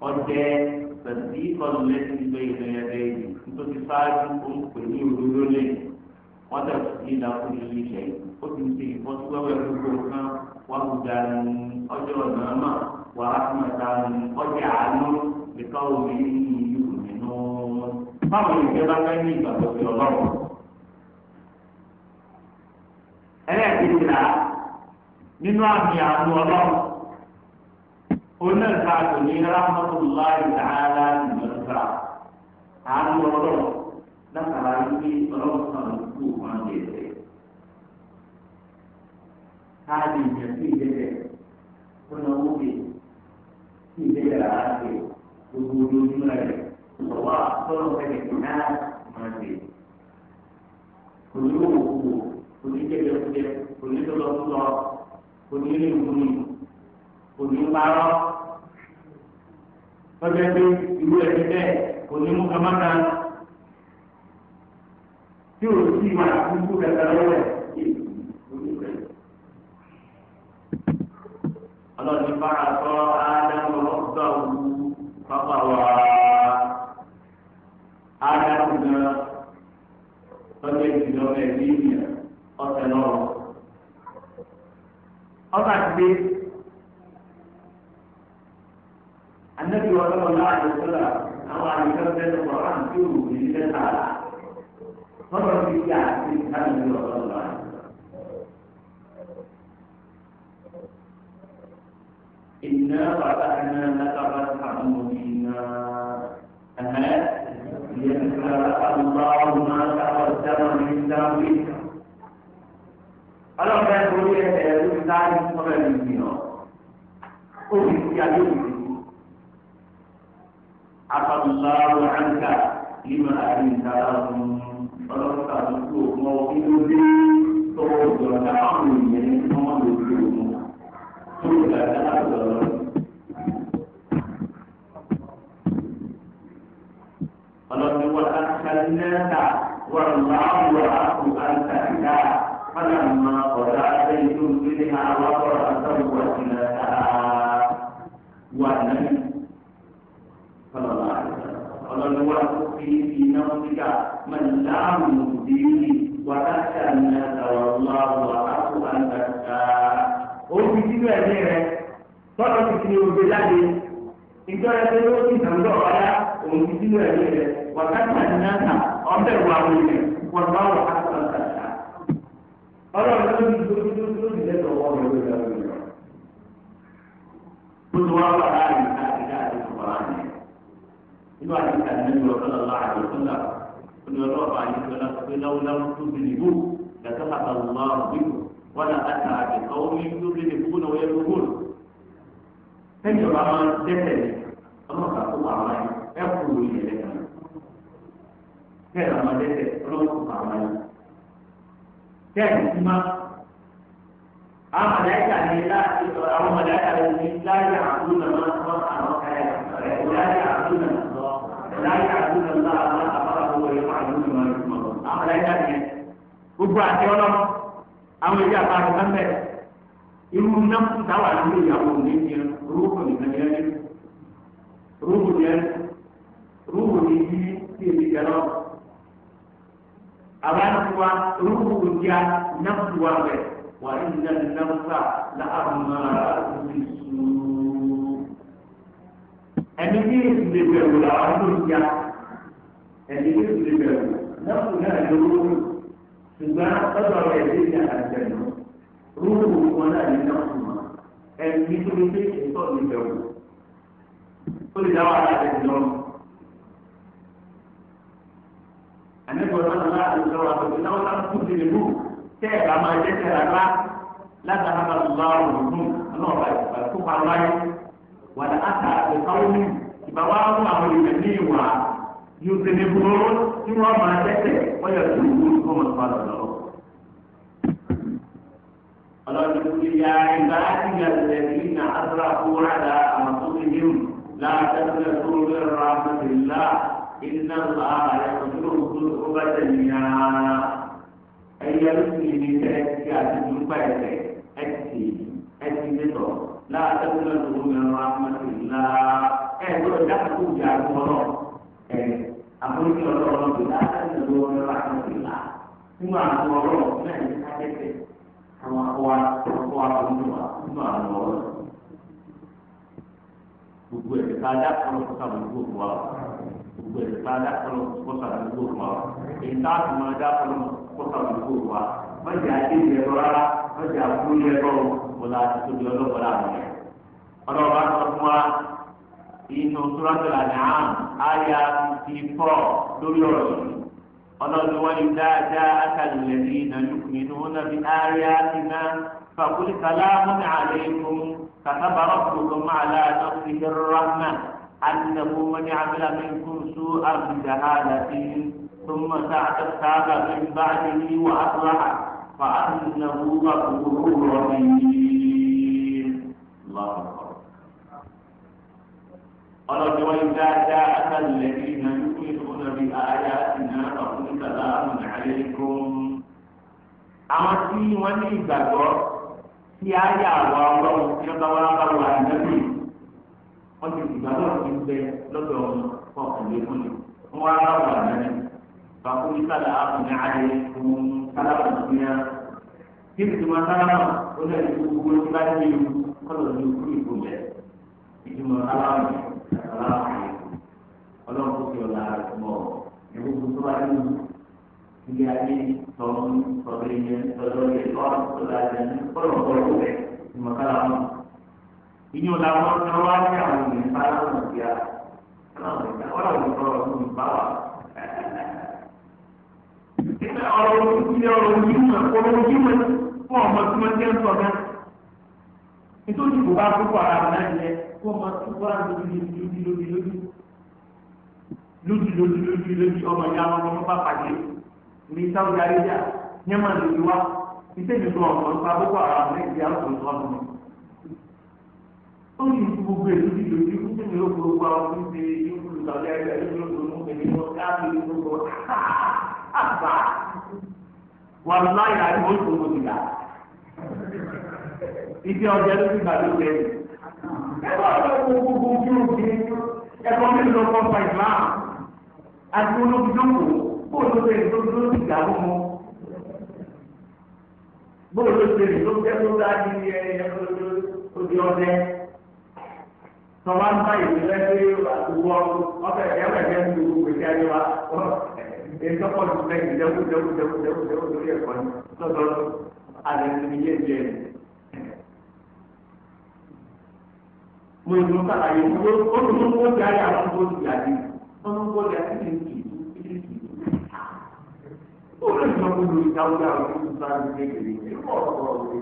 قد تصديق الذي بين يديه انتصاج أمكن يدلني وتفصيل كل شيء قدمتي فصل الحكومة وهدى أجر وَرَحْمَةً وجعلوا لقوم báwo ni ìjọba fẹ́ ní ìgbàgbọ́ sí ọlọ́run. ẹlẹ́ẹ̀kejì là nínú àmì àánú ọlọ́run onáìka kò ní rahmatulahi ta'ala nìyọ̀nùfà àánú ọlọ́run látara wípé ọlọ́run kan ló kú wọn lè rẹ̀. káàdì ìyẹ̀sí ìdẹ́gbẹ̀ ó náwó bè sí ìdẹ́gbẹ̀ rárá gbogbo ojoojúmọ́ rẹ̀ sọ̀wọ́ àtọ́nù ẹ̀rẹ̀ náà máa dé. Oníwòwòwò, oníjẹjẹkújẹ, onídọ́lọ́kúlọ, onírìnkùnì, oníparọ́. Lọ́jọ́ pé ìlú ẹ̀mí bẹ́ẹ̀ onímúkamọ́ta tí o sì máa kúkú kẹta lọ́wọ́ ẹ̀. Ọlọ́run ní bára sọ Ádámù ọ̀gbà òwú pápá wa ara gan lọ́jọ́ ìdílé ọmọ ẹ̀mí ìyà ọ̀sẹ̀ lọ́rọ̀. ọba gbé anabi wa lọ́wọ́ láàrin sọ́la àwọn àyíká bẹ́ẹ̀ lọ́wọ́ àwọn tí ò ní ilé tààrà lọ́wọ́ ti di àti ìdáhùn ní ọ̀rọ̀ lọ́wọ́. إنا فتحنا لك فتحا مبينا لك الله ما تقدم من ذنبك ọlọ́run bẹ́ẹ̀ lórí ẹ̀ lórí láàyè sọ́rọ̀ ẹ̀ lórí ọ̀ ó fi sí ayé òkè afọ̀tùsọ̀rọ̀ àǹkà nínú àti ìdára ọ̀hún ọlọ́run tàbí tó mọ inú ọlọ́ni wọ́n á kálí náírà wọ́n máa ń wọ àpò àǹtàkìlá fọlá mọ ọ̀rọ̀ abẹ́ ìlú nílé àwọn ọ̀rọ̀ àtọ́wò ìlà wà náà fọlá ọlọ́ni wọ́n fi iná síkà mọ̀láàmù bíi wọ́n á kálí náírà wọ́n máa wọ àpò àǹtàkìlá. ó fi rẹ tọ́lọ́ ti fi ògbé jáde ìjọba ẹgbẹ́ ló ti sàn lọ́ọ̀ọ́ yá òun ti sínú ẹ̀mí rẹ wàkàtà ìnáta ọ̀bẹ̀ wà wọlé wọn bá wà á sọ̀rọ̀ kàtà. ọlọ́run ló ní dúdúdúdú nílẹ̀ tó wọ́n lórí ìdáwó yọ. gbogbo wa wà láàyè káàkiri àti ìfọwọ́ra ni. inú àti ìtàn ní ìwọ sọlọ lọ àjọ ní ọlọ́ọ̀bà yìí sọlá pé láwùláwù tó ti nìbò lẹ́tọ́ àtà lọ́wọ́ àbíkù wọ́n lọ àtà àti kọ́wọ́ mi tó ti lè kúrò náà yẹ kó Ẹni ọba máa ń tẹ́tẹ̀ ọlọ́ọ̀ta tó wà wáyé ẹ kúrò yẹlẹ bẹ́ẹ̀ ni àwọn ẹlẹ́sẹ̀ ọlọ́run kò fà wọ́n yìí. bẹ́ẹ̀ ni kúmá àwọn mọ̀láyíkà ni láti àwọn mọ̀láyíkà ni láyé àbúrò náà máa ń tọ́ àwọn ẹ̀ láyé àbúrò náà láyé àbúrò náà àwọn àbáwọ̀ ẹ̀ máa yóò máa yóò máa lọ. àwọn mọ̀láyíkà ni gbogbo àti ọlọ́run àwọn ìyá àbá àti mẹ́fẹ́ irú náà táwa lórí ìyàwó ní ti rúkù nìkan yẹn rúkù yẹn rúkù ní bí tí èmi jẹ náà abantuwa rubuja nafsu wawe wa inna nafsa la amara bisu ẹni tí èsì lè bẹ̀rù làwọn tó ń ja ẹni tí èsì lè bẹ̀rù nafsu náà ló rú ṣùgbọ́n ọ̀dọ̀ rẹ̀ lè ní àjẹnù rúbù wọn náà ní nafsu wọn ẹni tí tó lè ṣe ìtọ́ lè bẹ̀rù ó lè dáwọ́ àjẹnù lọ́rùn. àníkọ̀ọ́ náà láti sọ̀rọ̀ àbẹ̀tẹ̀ náà wọ́n láti kúndì nìbù tẹ́ ẹ̀ bá máa jẹ́ tẹ̀lé àgbá láti àbá lọ́wọ́ ọ̀rùn náà bá kó pa láyé wà á ta àbẹ̀káwó ní ìbá wa mú àwọn èèyàn ní ìwà yóò ṣe ní búrọ́ tí wọ́n máa tẹ́tẹ̀ wọ́n yẹ kí wọ́n kó wọn pa lọ́wọ́. ọlọ́run ti ya ìgbà láti yà lẹ́yìn ní àdúrà kó rà dá àwọn tó ti yẹ إن الله يغفر الذنوب جميعا أي يمكن تأتي جنبك أتي أتي بطر لا تقنطوا من رحمة الله أي لو دخلوا جاكم أي أقول لك الله لا تقنطوا من رحمة الله ثم أقول لك من أتي àwọn akọ́wá akọ́wá ọdún wa nínú àwọn ọ̀rọ̀ gbogbo ẹ̀ ká dá ọ̀rọ̀ kọ́ta gbogbo wa gbogbo ẹ̀ bá dákọ̀lọ̀ kọ́sà àdúgbò wa èyí tá a tún máa dákọ̀lọ̀ kọ́sà àdúgbò wa mọ̀jẹ̀ àti ìyẹ̀rọ rárá mọ̀jẹ̀ àbúrò ìyẹ̀rọ ọ̀la àti tóbi ọlọ́kọ̀lá rẹ̀ ọlọ́wọ́ bá sọ fún wa inú sọ́rọ́tàlá náà àyà ti pọ̀ lórí ọ̀rọ̀ yìí ọlọ́run wọn ni dáadáa akálẹ̀ ní ìnáyùkùn inú wọn náà fi àyà ti náà fàkúlì sàlámù ní أنه من يعمل منكم سوءا بجهالة ثم تاب من بعده وأصلح فأنه غفور رحيم الله أكبر قال وإذا جاءك الذين يؤمنون بآياتنا فقل سلام عليكم àwọn tí wọ́n ní ìgbàgbọ́ tí a yà wá wọ́n ti ìgbàgbọ́ ti bẹ lọ́dọ̀ ọkùnrin fún mi wọ́n wá láwọn àdáni bàbá mi sábà àkùnrin àyè fún sálábà nìyẹn kí ni tuma sálábà ó lè ní gbogbo tí bá ní ìlú kọ́lọ̀ ní kúrò ìbò bẹ̀ ìtumọ̀ sálábà sálábà ọlọ́run kò fi ọ̀la rẹ̀ mọ̀ ìgbógun tó bá ní ilé ayé tọ́lọ́ tọ́lọ́ yẹn tọ́lọ́ yẹn kọ́lọ̀ kọ́lọ̀ bẹ̀ ìtumọ̀ sálábà. ìyẹn ọ̀la wọn ni wọn wá ní àwọn ènìyàn bá lọ́wọ́ sí a ọlọ́run ní ọ̀rọ̀ tó ń wà. ìgbà ọ̀rọ̀ ojú ti ọ̀rọ̀ ojú mọ̀ ọ̀rọ̀ ojú mọ̀ fún ọmọ tí wọ́n jẹ́ ń sọ náà. nítorí kò bá púpọ̀ ara rẹ̀ kó ọmọ tó lójú lójú lójú lójú lójú ó sì fi gbogbo èlú ti lò sí fún mi lóko gbogbo àwọn tó [laughs] ń ṣe yóò lù tàbí ẹgbẹ́ yóò lò tó ń pèmí lọ káàkiri gbogbo àbá wà láyé àti wọ́n tó gbogbo ìgbà. Ibi ọjà ló ti gbà ló jẹ ní. Ẹgbẹ́ ọ̀dọ́ gbogbo ojú òkè ẹ̀kọ́ mi lọ kọ́ fà ìgbà àti olókùdókò bóòlù ṣe ìdókòdó ti gbà fún wọn. Bóòlù ṣe ìdókòdó ti gbà fún wọn tọ́wá ń bá ìlú lẹ́gbẹ́ àtúwọ́ ọbẹ̀ ẹ̀yẹ́wẹ̀ẹ́dẹ́ ń lu ìgbésí ayé wa ètò pọ̀ ju bẹ́ẹ̀ ní dẹ́kun dẹ́kun dẹ́kun dẹ́kun lórí ẹ̀kọ́ ni lọ́dọ̀ alẹ́ ní ìjẹ́ ni. mo ìlú sàlàyé wo ó ní kó kó di ayé àwọn tó ti yà ní wọ́n ń kó di ayé ní ìlú ìlú ìlú. ó lè sọ fún mi ìdáwọ́dá àwọn tó ti bá mi kékeré ní ọ̀rọ̀ ọ̀rọ̀ òní.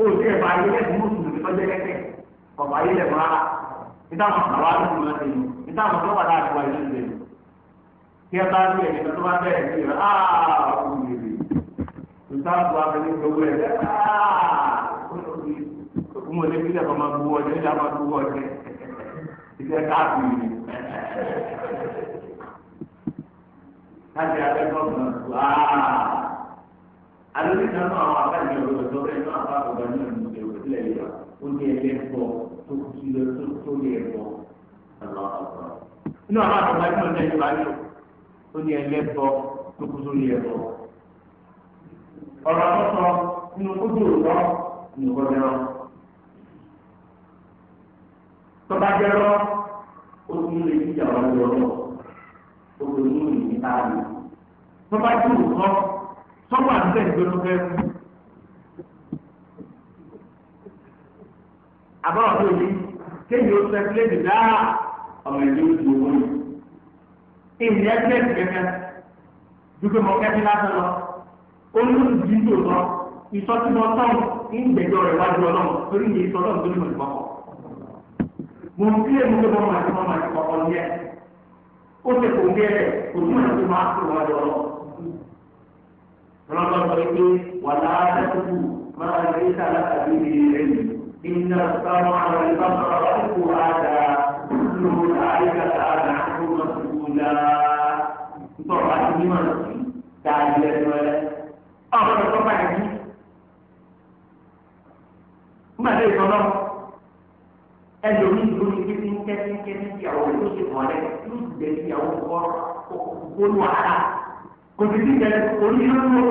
ó ti ẹ̀ bá ayé lẹ́sìn mọ́tò ọ̀pọ̀ ayé lẹ̀ mọ́ ara níta àwọn àwọn àdúgbò náà ti yọ níta àwọn tó padà àdúgbò ayé lè yọ. kí ẹ bá rí ẹni tó bá bẹ̀rẹ̀ sí rẹ̀ áà ó lè rè níta àwọn abẹ́lé gbogbo ẹ̀ áà ó lè mú ọdẹ bí lẹ́kọ̀ọ́ máa gbowó ọdẹ níta máa gbowó ọdẹ ìṣe káàkiri. láti abẹ́kọ̀ọ́ kan tó áà alórí kan náà àwọn abáyé ọ̀rọ̀ ìjọba ẹ̀ náà bá ọ̀gá náà ní ìròyìn ilẹ̀ yìí wá ó ní ẹgbẹ́ ń bọ̀ tó ti lọ tó tó lè bọ ọlọ́ọ̀bọ. inú àwọn àtọ̀gbà tí wọ́n tẹ̀lé wáyé ó ní ẹlẹ́bọ tó kú sórí ẹ̀bọ. ọ̀rọ̀ tó sọ inú kójú òótọ́ ní ìkọjá náà. tọ́ba jẹ́ lọ ó ti lè fi ìjà lọ lọ ó lè mú ìyí tá a lè. jẹ́ òótọ́ sọ́gbà ń tẹ̀lé lọ́fẹ́ fún. àbáwọ̀ tó yí kéyìí ó fẹ́ sílẹ̀ nìgbà ah, ọmọ ìlú ìlú owó yìí. ìyẹn nke ìgbẹ́fẹ́ dúpẹ́ mọ kẹ́kẹ́ lásán lọ olóòtú yìí tó lọ ìsọtúmọ̀ tọ́hún ní ìgbẹ́jọ́ rẹ̀ wájú torí tó ní àti àti ó kò kò tún àti máa wájú إن السمع والبصر والفؤاد كل ذلك كان عنه مسؤولا طبعا لمن تعجل ولا أمر طبعا دي ما ليس له ẹlòmíì ló ní kékeré ní kẹ́kẹ́ kẹ́kẹ́ tí àwọn yóò ṣe wọlé yóò ṣe lè fi àwọn kọ́ òkú wàhálà kò sì sí ìjẹun oníyóò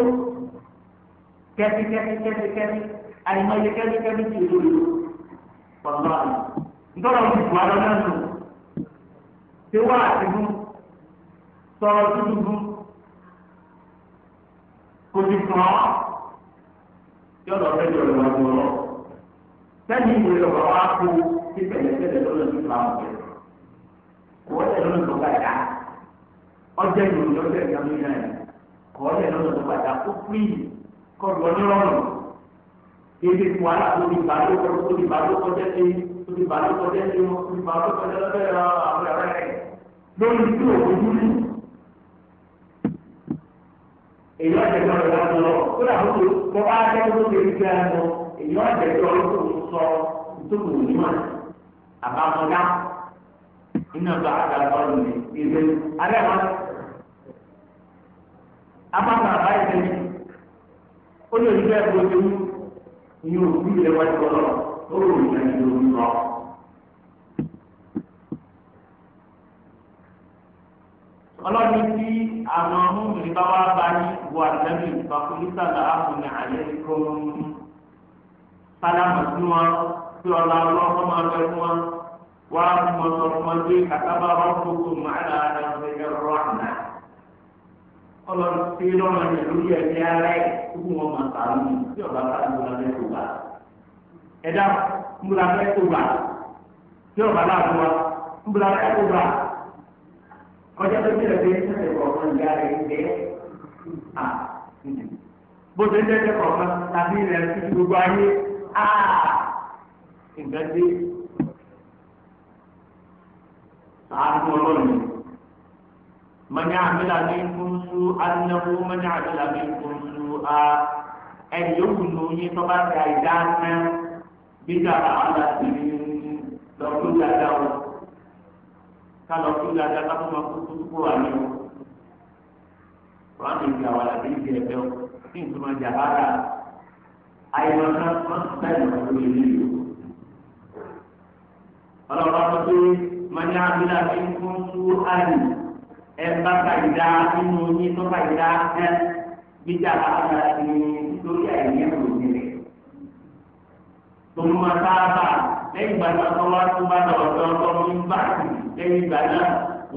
kẹ́kẹ́ kẹ́kẹ́ kẹ́kẹ́ kẹ́kẹ́. àìmọye kẹ́míkẹ́mí ti olóòlò pọ̀npọ̀ àná ntọ́lọ̀ ti bu ara náà nù ṣé wá àtìmú sọ̀rọ̀ dúdú kò sì kàn án yọ̀dọ̀ fẹ́ jọ̀rọ̀ wá jù ọ́ sẹ́ni ìwé lọ́wọ́ wá kó kí pẹ̀lẹ́pẹ̀lẹ́ lọ́dọ̀ tó fà wọ́n bẹ̀rẹ̀ kò wọ́n tẹ̀ lọ́dọ̀ tó bá yà ìròyìn ọjọ́ ìgbàlódé náà kò wọ́n tẹ̀ lọ́dọ̀ tó bá yà kó pín kọ́ lọ́dọ̀ lọ́rùn. ebi tí wàá náà tóbi bàálù kọjá tóbi bàálù kọjá sí tóbi bàálù kọjá sí ìyẹn òkú ilé wájú ọlọ́run ó rò ìyá ìlú omi lọ. ọlọ́ni tí àwọn ọmọbìnrin bá wá bá ní wọ àtẹ́bí ìfàkùnlítà làákùnrin àyè kó sálámù sí wọn tí ọlá ọlọ́kọ́ máa bẹ fún wọn wá fún wọn sọ fún wọn pé kàtàbà rọ́pò kò máa ń àná ọlọ́run tí lọ́rọ̀ rẹ̀ lórí ẹ̀jẹ̀ ara ẹ̀ kúkú wọn máa tà lù tí ọ̀gá bá ń múra fẹ́ tó gbà. ẹ̀dá múra fẹ́ tó gbà tí ọ̀gá bá tó wa múra fẹ́ tó gbà. ọjọ́ tó kílẹ̀ pé ṣẹ̀ṣẹ̀ kọ̀ọ̀kan ìyá rẹ̀ ń bẹ́ à bó ṣe ń tẹ́tẹ́ kọ̀ọ̀kan tàbí rẹ̀ ti fi gbogbo ayé à nǹkan dé. sàánú ọlọ́run yìí mọ̀nyá àmìlà ní kúnṣú anáwó mọ̀nyá àmìlà ní kúnṣú a ẹ̀yìn yòókù ní oyin tó bá ta ìdá ná bí dàda ọ̀la sí ní lọ́kùn dada o ká lọ́kùn dada ká tó máa kú tó kúrò àná o wọ́n á ti gbà wà láti ẹ bá fàyídá nínú yín tó fàyídá ẹ gbígbà àgbà ní lórí àìní ẹ̀rọ nílẹ̀. tòun máa sáábà lẹ́yìn ìgbà náà tó wá tó bá lọ ọ̀dọ́ ọ̀dọ́ ní báàkì lẹ́yìn ìgbà náà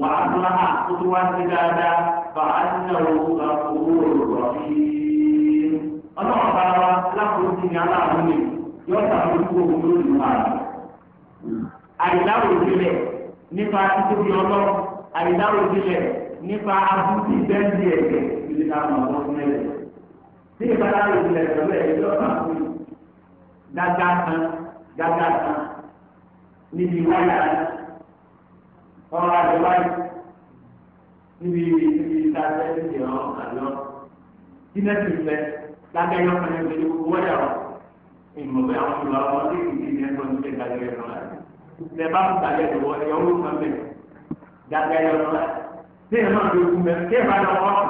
wà á tó láhà tó tó wá sí dáadáa bá a ti nà owó ká owó rọ̀ sí. ọlọ́run bá wa lákòókò ní aláàánú mi yóò sàmú ìdúró òun lórí ìwà rẹ̀. àyíláwò ìbílẹ̀ nípa títóbi ọlọ́run àyíláwò sílẹ̀ nípa abúlé bẹ́ẹ̀ni ẹ̀jẹ̀ ìdí ká mọ̀ ọ́ fún ẹ̀jẹ̀. Tí ìbáláwò sílẹ̀ pẹ̀lú ẹ̀jẹ̀ lọ́nà fún mi, gágá kan gágá kan níbi wáyà ọ̀rọ̀ àjọwáyì níbi níbi ìdájọ́ ẹ̀jẹ̀ ọ̀hún àlọ́. Tíná ti fẹ́ lábẹ́ yọ kan ẹgbẹ́ wọ́yà ọ̀ ìmọ̀wé àwọn olùwà ọmọdé ìdí ẹ̀kọ́ ní ẹ̀ka ẹ̀rọ rẹ̀. Lẹ́ẹ̀bá kúta lẹ́ẹ̀dọ̀wọ́ ẹ̀yọ́ gàgà yọrọ la tí ẹ máa dojú mẹ tí ẹ máa lọ wọ́n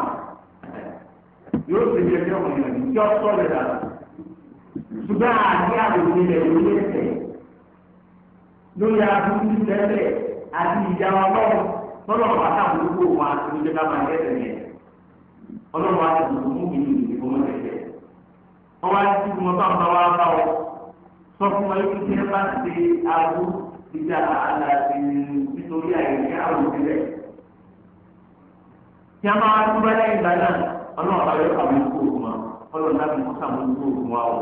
kàn yóò ṣe ṣe ṣe ọmọ yẹn tí ọ sọ lè dà ṣùgbọ́n àti àbòsí rẹ̀ lórí ẹsẹ̀ lórí abúlé tẹ́lẹ̀ àti ìjà ọlọ́run tọ́lọ̀ pátá gbogbo wa ti ṣe ká máa yẹsẹ̀ yẹn ọlọ́run wa ti mú mi ní ìdìbò wọn tẹ̀lé ọwọ́ àti tí bá ń bá wa bá ọ sọ fún wa yóò ṣe é bá ṣe àbúrò dídá àlàyé nítorí àyè àrùn sílẹ̀. tí a máa dúró lẹ́yìn ìgbà náà ọlọ́run bá yọ àwọn ikú òògùn wa ọlọ́run náà fi kọ́sà mọ́ ikú òògùn wa o.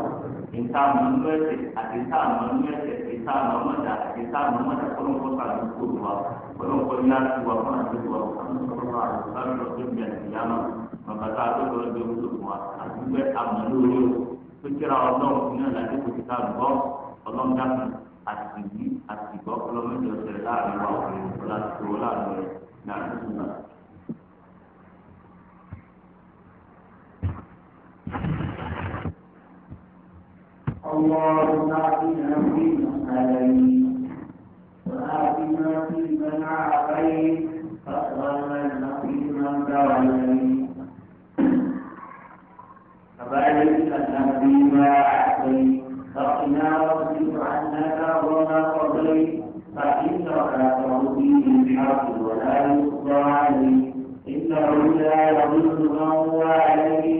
ìta àmọ́ nínú ẹ̀sẹ̀ àti ìta àmọ́ nínú ẹ̀sẹ̀ ìta àmọ́ mọ́ta àti ìta àmọ́ mọ́ta ọlọ́run kọ́sà mọ́ ikú òògùn wa ọlọ́run kọ́ ní àti wà fún àti wà fún àti wà fún àti wí àti gbọ́ kọlọ́mọdé ọ̀sẹ̀ láàrin wa ọ̀rẹ́ ìfọlá tó láàrin rẹ̀ náà ló sùn náà. اللهم آتنا فيما عليك وآتنا فيمن عافيت وتولنا فيمن توليت وبارك لنا فيما أعطيت فقنا واصرف عنا شر ما قضيت فإنك تقضي بالحق ولا يقضى عليه إنه لا يضل من هو عليه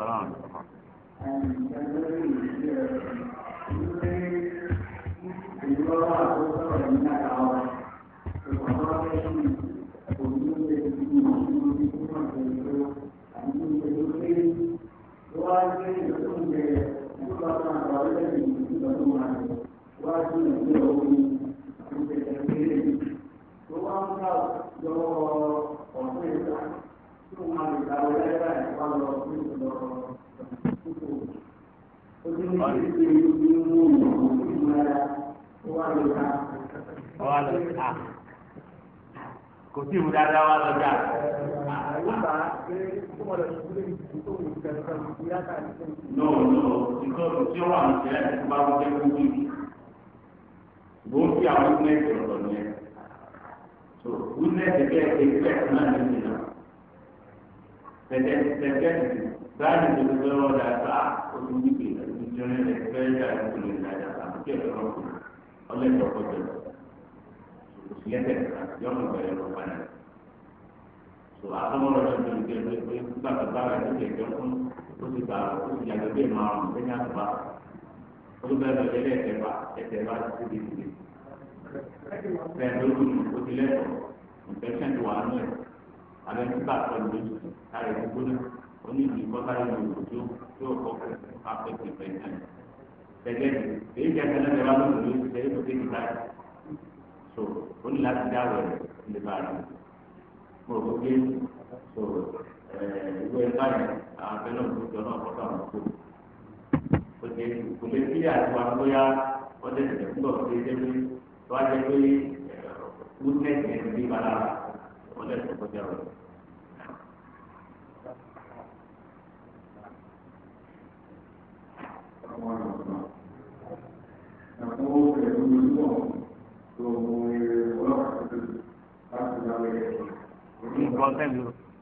Salaam. No, no, because tí ó wà ní ìṣẹ́ ẹ̀ tó bá wọ́n jẹ́ fún wíìkì. Bó ń fi àwọn wíńdẹ́ẹ̀tì ọ̀rọ̀ yẹn. So wíńdẹ́ẹ̀tì bẹ́ẹ̀ ṣe bẹ́ẹ̀ náà ní ìlànà. Tẹ̀tẹ̀ tẹ̀tẹ̀ báyìí tó ti fẹ́ wọ́n dàgbà oṣù wíìkì ìjọba ẹ̀ fẹ́ dàgbà tó lè dàgbà kí ẹ̀rọ ọlẹ́dọ̀ kọjọ òsìlẹ́tẹ̀ yọ̀nù bẹ̀rẹ̀ ló wà ní. So àtọ́mọ́lọ́dọ̀ tó ń gbé gbé gbàgbà bá rẹ̀ ló lè jọ fún ó ti gbà ó ti yàgò bí márùn lẹ́yìn àtúbà ó ti bẹ̀rẹ̀ lọ́jọ́ ilé ẹ̀tẹ̀bà ẹ̀tẹ̀bà ti ti di bẹ́ẹ̀ ló lù ó ti lẹ́tọ̀ infection ti wà nù ẹ̀ abẹ́ ti bá àtọ́ ìlú oṣù káyọ̀ gbogbo náà ó ní ìlú kọ́tà ìlú oṣù tó tó kọ́ so ó ní láti dáwọ̀ ẹ̀ lè bá a mo rò ó so ìwé ẹ̀ka yẹn àbẹ náà tó jọ náà kọ́ sáà mọ́tò kò sí kò lè fi àtiwá lóyá wọ́n tẹ̀lé ìdẹ́kùtọ̀ sí ẹgbẹ́ pé tó wá jẹ́ pé wúdínẹ́sì yẹn ti bí balá wọ́n lè sọ kọjá rẹ̀. Gracias.